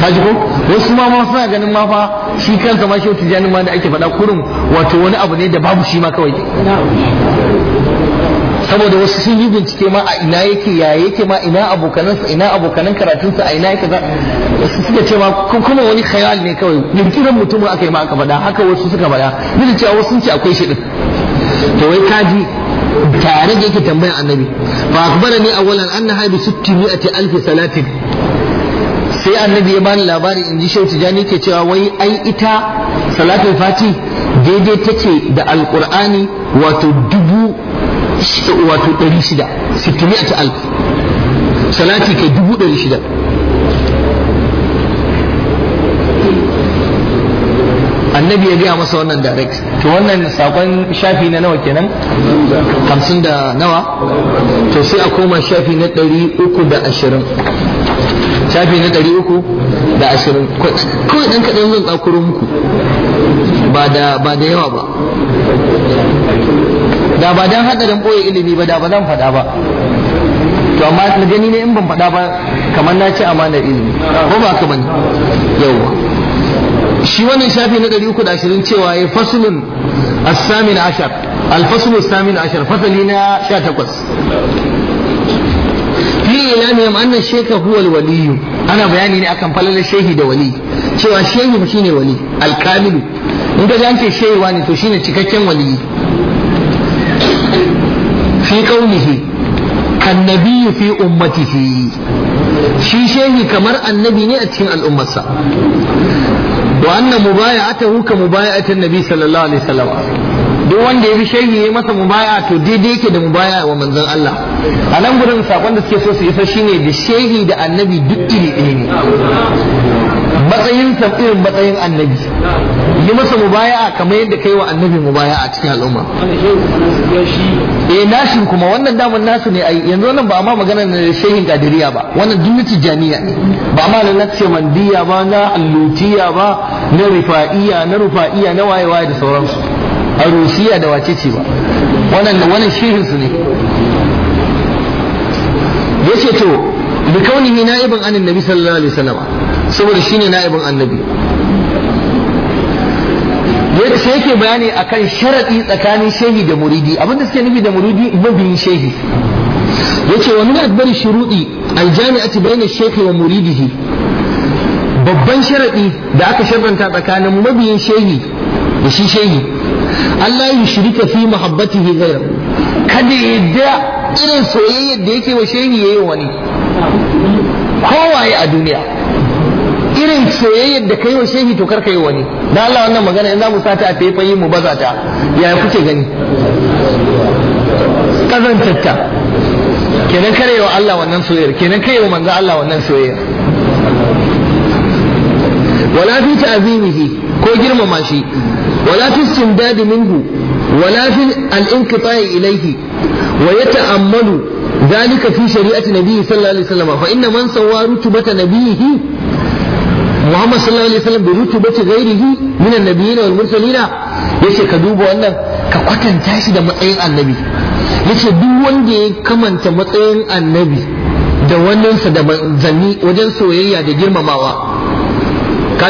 ka ji ko wasu ma ma suna ganin ma fa shi kansa ma wata tijani ma da ake faɗa kurum wato wani abu ne da babu shi ma kawai saboda wasu sun yi bincike ma a ina yake ya yake ma ina abokanansa ina abokanan karatunsa a ina yake wasu suka ce ma kuma wani khayal ne kawai kirkiran mutumin aka yi ma aka faɗa haka wasu suka faɗa yadda cewa wasu sun ce akwai shi din to wai kaji tare da yake tambayar annabi fa akbarani awwalan anna hadi 600000 salatin sai annabi ya bani labari in ji shehu tijani ke cewa wai ai ita salatul fati daidai take da alqur'ani wato dubu wato ɗari shida sittimiyat alf salati ke dubu ɗari shida annabi ya gaya masa wannan direct to wannan sakon shafi na nawa kenan hamsin da nawa to sai a koma shafi na ɗari uku da ashirin shafi na ɗari uku da ashirin kawai ɗan kaɗan zan ɗakuro muku ba da yawa ba da ba don haɗarin ɓoye ilimi ba da ba zan faɗa ba to amma na gani ne in ban faɗa ba kamar na ci amanar ilimi ko ba ka bane yawa shi wannan shafi na uku da ashirin cewa ya fasulun asamin ashar alfasulun asamin ashar fasali na sha takwas. fi ilamihim anna shaykha huwa al ana bayani ne akan falalar shehi da wali cewa shehi shi ne wali al-kamilu in ga an ce shehi wani to shine cikakken wali fi qaulihi kan nabiyyu fi ummatihi shi shehi kamar annabi ne a cikin al'ummarsa wa anna mubaya'atahu ka mubaya'atan nabi sallallahu alaihi wasallam duk wanda ya bi shehi ya masa mubaya'a to daidai yake da mubaya'a wa manzon Allah a nan gudun sakon da suke so su isa shine da shehi da annabi duk iri ɗaya ne matsayin irin matsayin annabi yi masa mubaya'a kamar yadda kai wa annabi mubaya'a cikin al'umma eh nashin kuma wannan damar nasu ne ai yanzu wannan ba ma magana na shehin gadiriya ba wannan duk jami'a ne ba ma na mandiya ba na allutiya ba na Rufa'iya na rufa'iya na waye waye da sauransu a rusiya da wacece ba wannan wannan shehin su ne yace to bi kaunihi na'ibin anin nabi sallallahu alaihi wasallam saboda shine na'ibun annabi sai yake bayani akan sharadi tsakanin shehi da muridi abinda suke nufi da muridi mabiyin shehi yace wa min akbari shurudi aljami'ati bayna shaykhi wa muridihi babban sharadi da aka sharranta tsakanin mabiyin shehi da shi shehi Allah ya shirika fi mahabbatihi ghayr kada ya yadda irin soyayyar da yake wa shehi yi wani kowaye a duniya irin soyayyar da kai wa shehi to kar yi wani da Allah wannan magana in za mu sata a faifayi mu baza ta yaya kuke gani kazantatta kenan wa Allah wannan soyayyar kenan wa manzo Allah wannan soyayyar wala fi ta'zimihi ko girmama shi wala fi sindadi minhu ولا في الانقطاع إليه ويتأمل ذلك في شريعة نبيه صلى الله عليه وسلم فإن من سوى رتبة نبيه محمد صلى الله عليه وسلم برتبة غيره من النبيين والمرسلين yace ka duba wannan ka kwatanta shi da matsayin annabi yace duk wanda ya kamanta matsayin annabi da wannan sa da manzanni wajen soyayya da girmamawa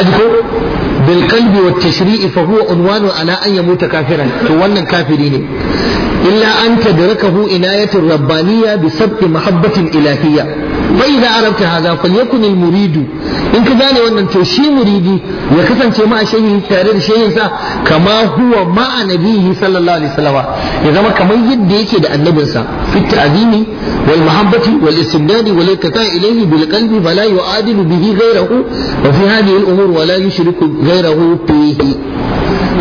ji ko bil qalbi wat tashri'i fa huwa unwanu ala an yamuta kafiran to wannan kafiri ne illa an tadrakahu inayatur rabbaniyya bi sabqi mahabbatin ilahiyya bai da arabta haza fal yakun al muridu in ka gane wannan to shi muridi ya kasance ma shehi tare da shehin sa kama huwa ma nabihi sallallahu alaihi wasallam ya zama kamar yadda yake da annabinsa fi ta'zimi wal muhabbati wal istimdadi wal ikta ilayhi bil qalbi fala yu'adilu bihi ghayrahu wa fi hadhihi al umur wala yushriku ghayrahu fihi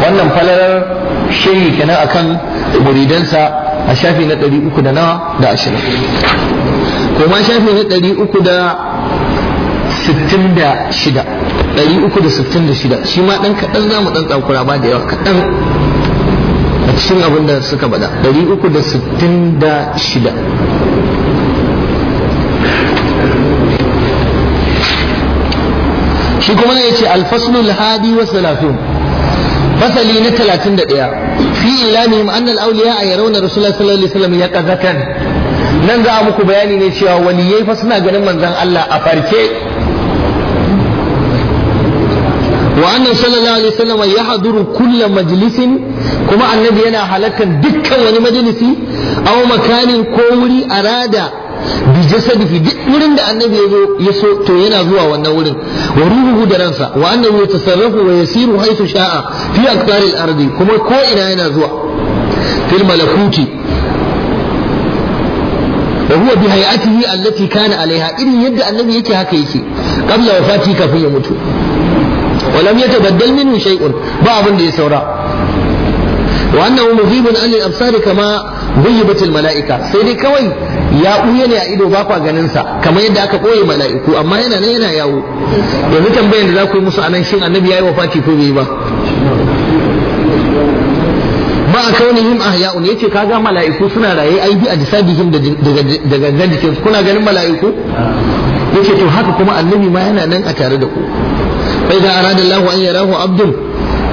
wannan falalar shehi kenan akan muridansa a shafi na 300 da na da 20 kuma shafi na ɗari uku da sittin da shida ɗari uku da sittin da shida shi ma ɗan kaɗan za mu ɗan tsakura ba da yawa kaɗan a cikin abin da suka bada ɗari uku da sittin da shida shi kuma na yace al-faslul hadi wa salafin fasali na 31 fi ilamihim annal al a yarauna rasulullah sallallahu alaihi wasallam yaqazatan nan za a muku bayani ne cewa waliyai fa suna ganin manzon Allah a farke wa annan sallallahu alaihi wasallam ya haduru kullu majlisin kuma annabi yana halartar dukkan wani majlisi. aw makanin ko wuri arada bi jasadihi duk wurin da annabi ya zo so to yana zuwa wannan wurin wa ruhuhu da ransa wa annahu yatasarrafu wa yasiru haythu sha'a fi aqtaril ardi kuma ko ina yana zuwa fil malakuti wa huwa bi hay'atihi allati kana alaiha irin yadda annabi yake haka yake qabla wafati kafin ya mutu wa lam yatabaddal minhu shay'un ba abin da ya saura wa annahu muzibun an al-absar kama ghayyabat al-mala'ika sai dai kawai ya ɓuya ne a ido ba kwa ganin sa kamar yadda aka ɓoye mala'iku amma yana nan yana yawo yanzu tambayar da za ku yi musu anan shin annabi yayi wafati ko bai ba ba a kaunihim ahya'un yace kaga mala'iku suna raye ai bi a disabihim da gangan jikin kuna ganin mala'iku yace to haka kuma annabi ma yana nan a tare da ku fa idan arada Allah an yarahu abdun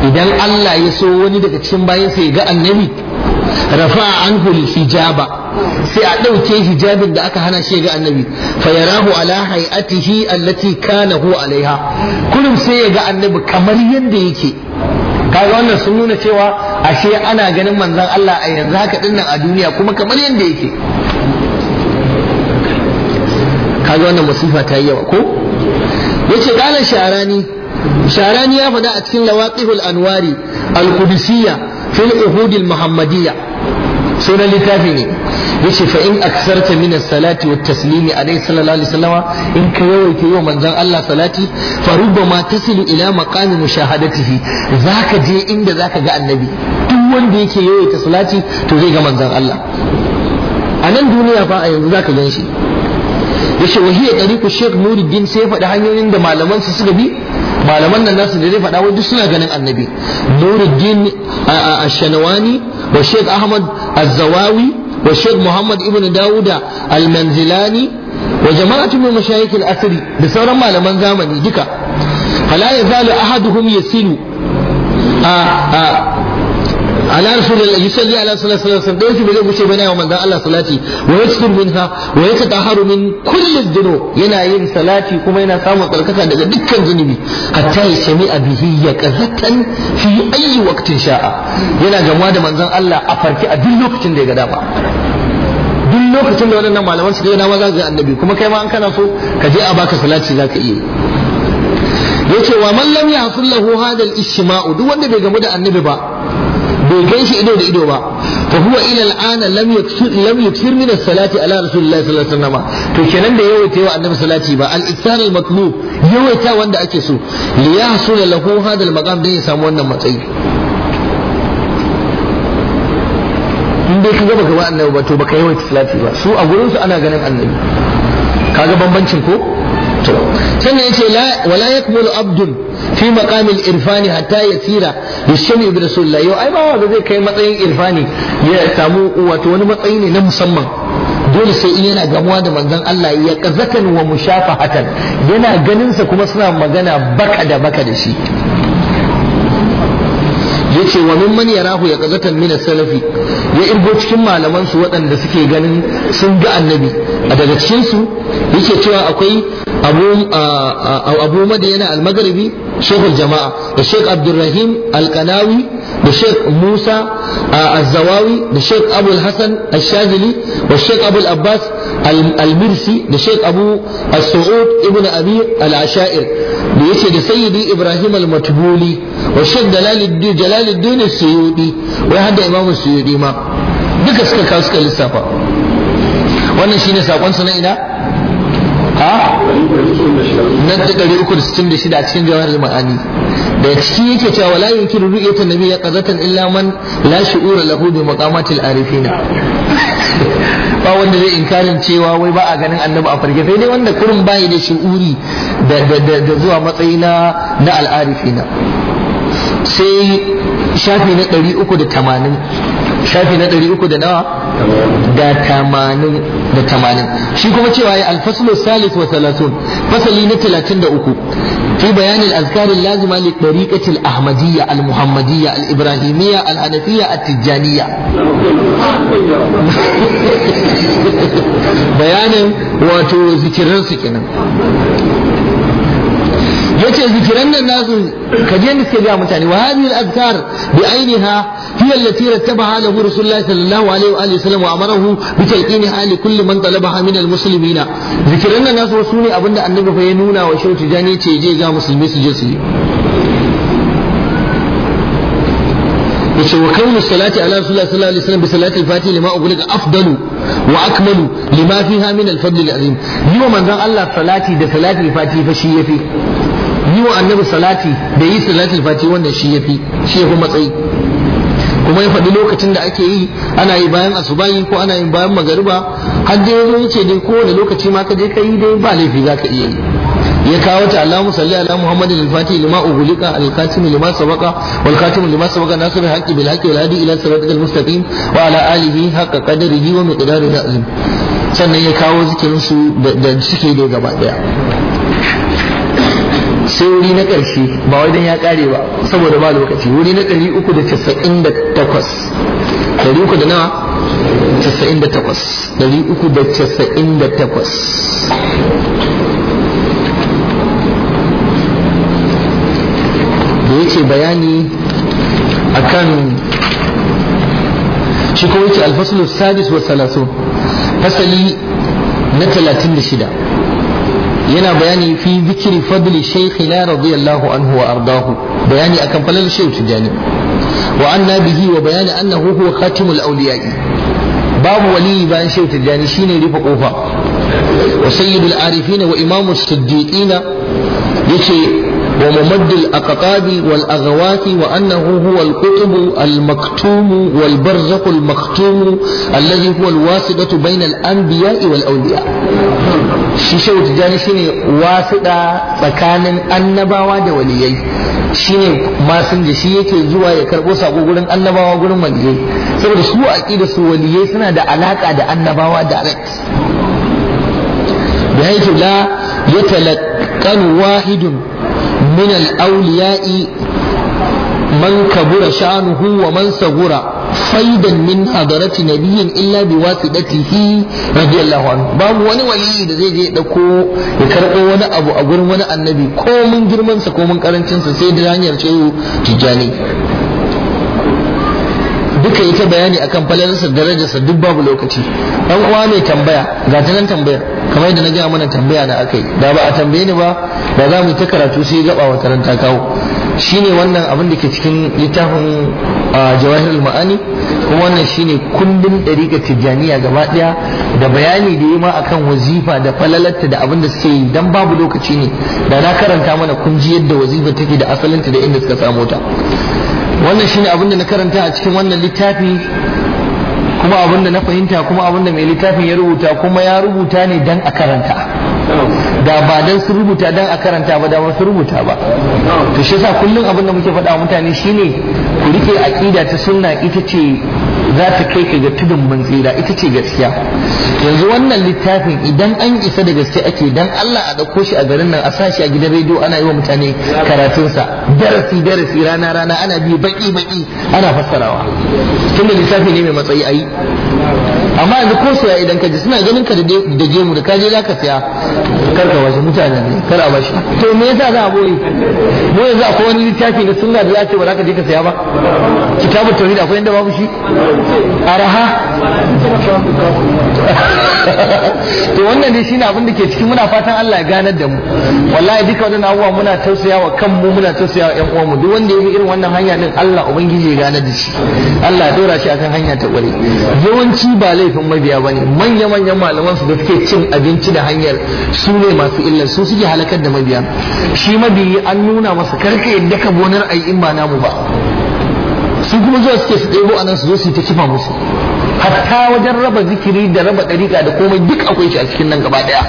idan Allah ya so wani daga cikin bayan sai ga annabi rafa rafa'a anhu hijaba sai a ɗauke hijabin da aka hana shi ga annabi fa yarahu ala hay'atihi allati kana hu alaiha kullum sai ya ga annabi kamar yadda yake kaga wannan sun nuna cewa ashe ana ganin manzon Allah a yanzu haka dinnan a duniya kuma kamar yadda yake kaga wannan masifa ta yi yawa ko yace qala sharani sharani ya faɗa a cikin lawaqihul anwari al-qudusiyya fil uhudil muhammadiyya sunan littafi ne yace fa in aksarta ta as-salati wa taslimi alayhi sallallahu alaihi wasallama in ka yawaita yiwa manzan Allah salati fa rubbama tasilu ila maqami mushahadatihi zaka je inda zaka ga annabi duk wanda yake ta salati to zai ga manzan Allah a nan duniya fa a yanzu zaka gan shi yace wa hiya tariqu shaykh nuruddin sai faɗi hanyoyin da malaman su suka bi malaman nan nasu da zai faɗa wai suna ganin annabi nuruddin a shanawani da Sheikh Ahmad Az-Zawawi da Muhammad ibn Dawuda Almanzilani, manzilani wa jama'atu mashayikin asiri da sauran malaman zamani duka fala yazalu ahaduhum yasilu a ala rasulillahi sallallahu alaihi wasallam dai yake bai guce bane wa manzo Allah salati wa yaskur minha wa yatataharu min kulli dhunub yana yin salati kuma yana samun tsarkaka daga dukkan zunubi hatta ya sami ya yaqzatan fi ayi waqtin sha'a yana gamuwa da manzon Allah a farki a duk lokacin da ya ga dama duk lokacin da wannan malaman suka yana dama za ga annabi kuma kai ma an kana so ka je a baka salati za ka iya yace wa man lam yahsul lahu hadha al-ishma'u duk wanda bai gamu da annabi ba bai kai shi ido da ido ba fa huwa ila al'ana lam yaksir lam yaksir min as-salati ala rasulillahi sallallahu alaihi wasallam to kenan da yawaita wa annabi salati ba al-ihsan al-matlub yawaita wanda ake so li yahsul lahu hadha al-maqam dan ya samu wannan matsayi in dai kaga baka ba annabi ba to baka yawaita salati ba su a gurin su ana ganin annabi kaga bambancin ko to sannan yace la wala yakmulu abdun fi maqamil irfani hatta yasira yashmi bi rasulillah yau ai bawa ba zai kai matsayin irfani ya samu wato wani matsayi ne na musamman dole sai in yana gamuwa da manzon Allah ya kazakan wa mushafahatan yana ganin sa kuma suna magana baka da baka da shi ya ce wa mimman ya ya kazatan mina salafi ya irgo cikin malaman su waɗanda suke ganin sun ga annabi a daga cikin su yake cewa akwai abu abu madayana al-maghribi shekul jama'a da shek abdulrahim alkanawi da shek musa azzawawi da shek Abulhassan hasan ashazili da shek abul abbas almirsi da shek abu as-su'ud ibn abi al-ashair da yace da sayyidi ibrahim al-matbuli wa shek jalaluddin jalaluddin as-suyudi wai hadda imam suyudi ma duka suka kawo suka lissafa wannan shine sakon su na ina ha nan da ɗari uku da sittin da shida a cikin jawahar ma'ani da ciki yake cewa wala yunkiru ru'yatan ya qazatan illa man la shu'ura lahu bi maqamatil arifina ba wanda zai inkarin cewa wai ba a ganin annabi a farke sai dai wanda kurin bayi da shi'uri da zuwa matsayi na na al'arifina sai shafi na ɗari uku da tamanin shafi na ɗari uku da nawa da tamanin da tamanin shi kuma cewa ya alfaslu salis wa talatun fasali na talatin da uku في Al-Muhammadiyya, al للطريقة al المحمدية الإبراهيمية الحنفية التجانية بيان واتو ذكرن سكنا yace zikiran nan nasu ka je ni suke ga mutane wa hadhihi al-azkar bi ainiha هي التي رتبها له رسول الله صلى الله عليه وآله وسلم وأمره بتلقينها لكل من طلبها من المسلمين ذكرنا الناس وسوني أبن النبي فينونا وشو تجاني تيجي جا مسلمي سجسي yace wa kaunu salati ala rasulillah sallallahu alaihi wasallam bi salati al-fati lima ughliqa afdalu wa akmalu lima fiha min al-fadl yiwa manzon Allah salati da salati al-fati fa shi yafi yiwa annabi salati da yi salati al-fati wannan shi matsayi kuma ya faɗi lokacin da ake yi ana yi bayan asubahi ko ana yi bayan magariba har dai yazo yace dai kowane lokaci ma ka je ka yi dai ba laifi zaka iya yi ya kawo ta Allahu salli ala Muhammadin al-Fatih lima ughliqa al-Qasim lima sabaqa wal Qatim lima sabaqa al haqqi bil haqqi wal hadi ila siratil mustaqim wa ala alihi haqqa qadrihi wa miqdarihi azim sannan ya kawo zikirin su da suke da gaba daya sai wuri na ƙarshe ba wai dan ya ƙare ba saboda ba lokaci wuri na ɗari uku da casa'in da takwas ɗari uku da nawa casa'in da takwas ɗari uku da casa'in da takwas da yake bayani akan shi ko yake alfasulu sadis wa Salasu fasali na talatin da shida yana bayani fi zikri fadli shaykhina radiyallahu anhu wa ardahu bayani akan falal shaykh tijani wa anna bihi wa bayani annahu huwa khatimul awliya'i babu wali bayan shaykh tijani shine rufe kofa wa sayyidul arifin wa imamus siddiqin yace wa mumaddul aqtabi wal aghawati wa annahu huwa al qutb al maktum wal barzakh al maktum alladhi huwa al wasidatu bayna al anbiya wal awliya shi shehu shine wasuɗa tsakanin annabawa da waliyai shine masun da shi yake zuwa ya karɓo sako gurin annabawa gurin waliyai saboda su da su waliyai suna da alaƙa da annabawa direct da yake la yatalaqqan wahidun min al man kabura sha'anuhu wa man sagura faidan min na nabiyin illa bi wasidatihi radiyallahu anhu babu wani waliyi da zai je dauko ya karɓo wani abu a gurin wani annabi ko mun girman sa ko mun karancin sai da hanyar shehu tijjani duka yi ta bayani akan falalarsa darajarsa duk babu lokaci dan uwa mai tambaya ga ta nan tambayar kamar yadda na gaya mana tambaya na akai da ba a tambaye ni ba ba za mu yi ta karatu sai gaba wa taranta kawo shine wannan abin da ke cikin littafin jawahirul ma'ani kuma wannan shine kundin ɗariƙa tijjaniya gaba ɗaya da bayani da yi ma akan wazifa da falalarta da abin da suke yi dan babu lokaci ne da na karanta mana kun ji yadda wazifa take da asalinta da inda suka samo ta wannan shine abin da na karanta a cikin wannan littafi kuma abin na fahimta kuma abin da mai littafin ya rubuta kuma ya rubuta ne dan a karanta da ba dan su rubuta dan a karanta ba da ba su rubuta ba to shi yasa kullum abinda da muke faɗa mutane shine ku rike aqida ta sunna ita ce za ta kai ka ga tudun mun tsira ita ce gaskiya yanzu wannan littafin idan an isa da gaske ake dan Allah a ɗauko shi a garin nan a sa shi a gidan rediyo ana yi wa mutane karatun sa darasi darasi rana rana ana bi baki baki ana fassarawa tun da littafi ne mai matsayi ayi amma yanzu ko saya idan ka ji suna ganin ka da mu da ka je ka saya kar ka washe mutane ne kar a bashi to me yasa za a boye mu yanzu akwai wani littafi na sunna da za ce ba za ka je ka saya ba kitabut tauhid akwai inda babu shi araha to wannan dai shine abin da ke cikin muna fatan Allah ya ganar da mu wallahi duka wannan abubuwa muna tausaya kanmu muna tausaya wa ƴan uwanmu duk wanda ya bi irin wannan hanya din Allah ubangiji ya ganar da shi Allah ya dora shi akan hanya ta kware yawanci ba laifin mabiya bane manya manyan malaman su da suke cin abinci da hanyar su ne masu illa su suke halakar da mabiya shi mabiyi an nuna masa karka yadda ka bonar ai in ba namu ba sun kuma zuwa suke su ɗebo anan su zo su yi ta kifa musu hatta wajen raba zikiri da raba ɗariƙa da komai duk akwai shi a cikin nan gaba ɗaya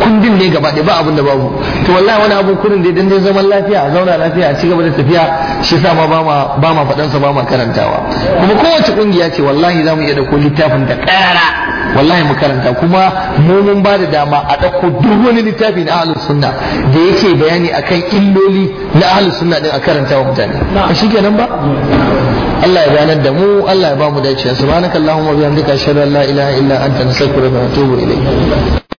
kundin ne gaba ɗaya ba abin da babu to wallahi wani abu kurin da dan dai zaman lafiya a zauna lafiya a cigaba da tafiya shi sa ma ba ma faɗansa ba ma karantawa kuma kowace ƙungiya ce wallahi za mu iya da littafin da ƙara wallahi mu karanta kuma mu mun ba da dama a ɗauko duk wani littafi na ahlus sunna da yake bayani akan illoli na ahlus sunna din a karanta wa mutane a shi kenan ba Allah ya ganar da mu Allah ya ba mu dace subhanakallahumma bihamdika ashhadu an la ilaha illa anta nastaghfiruka wa atubu ilayk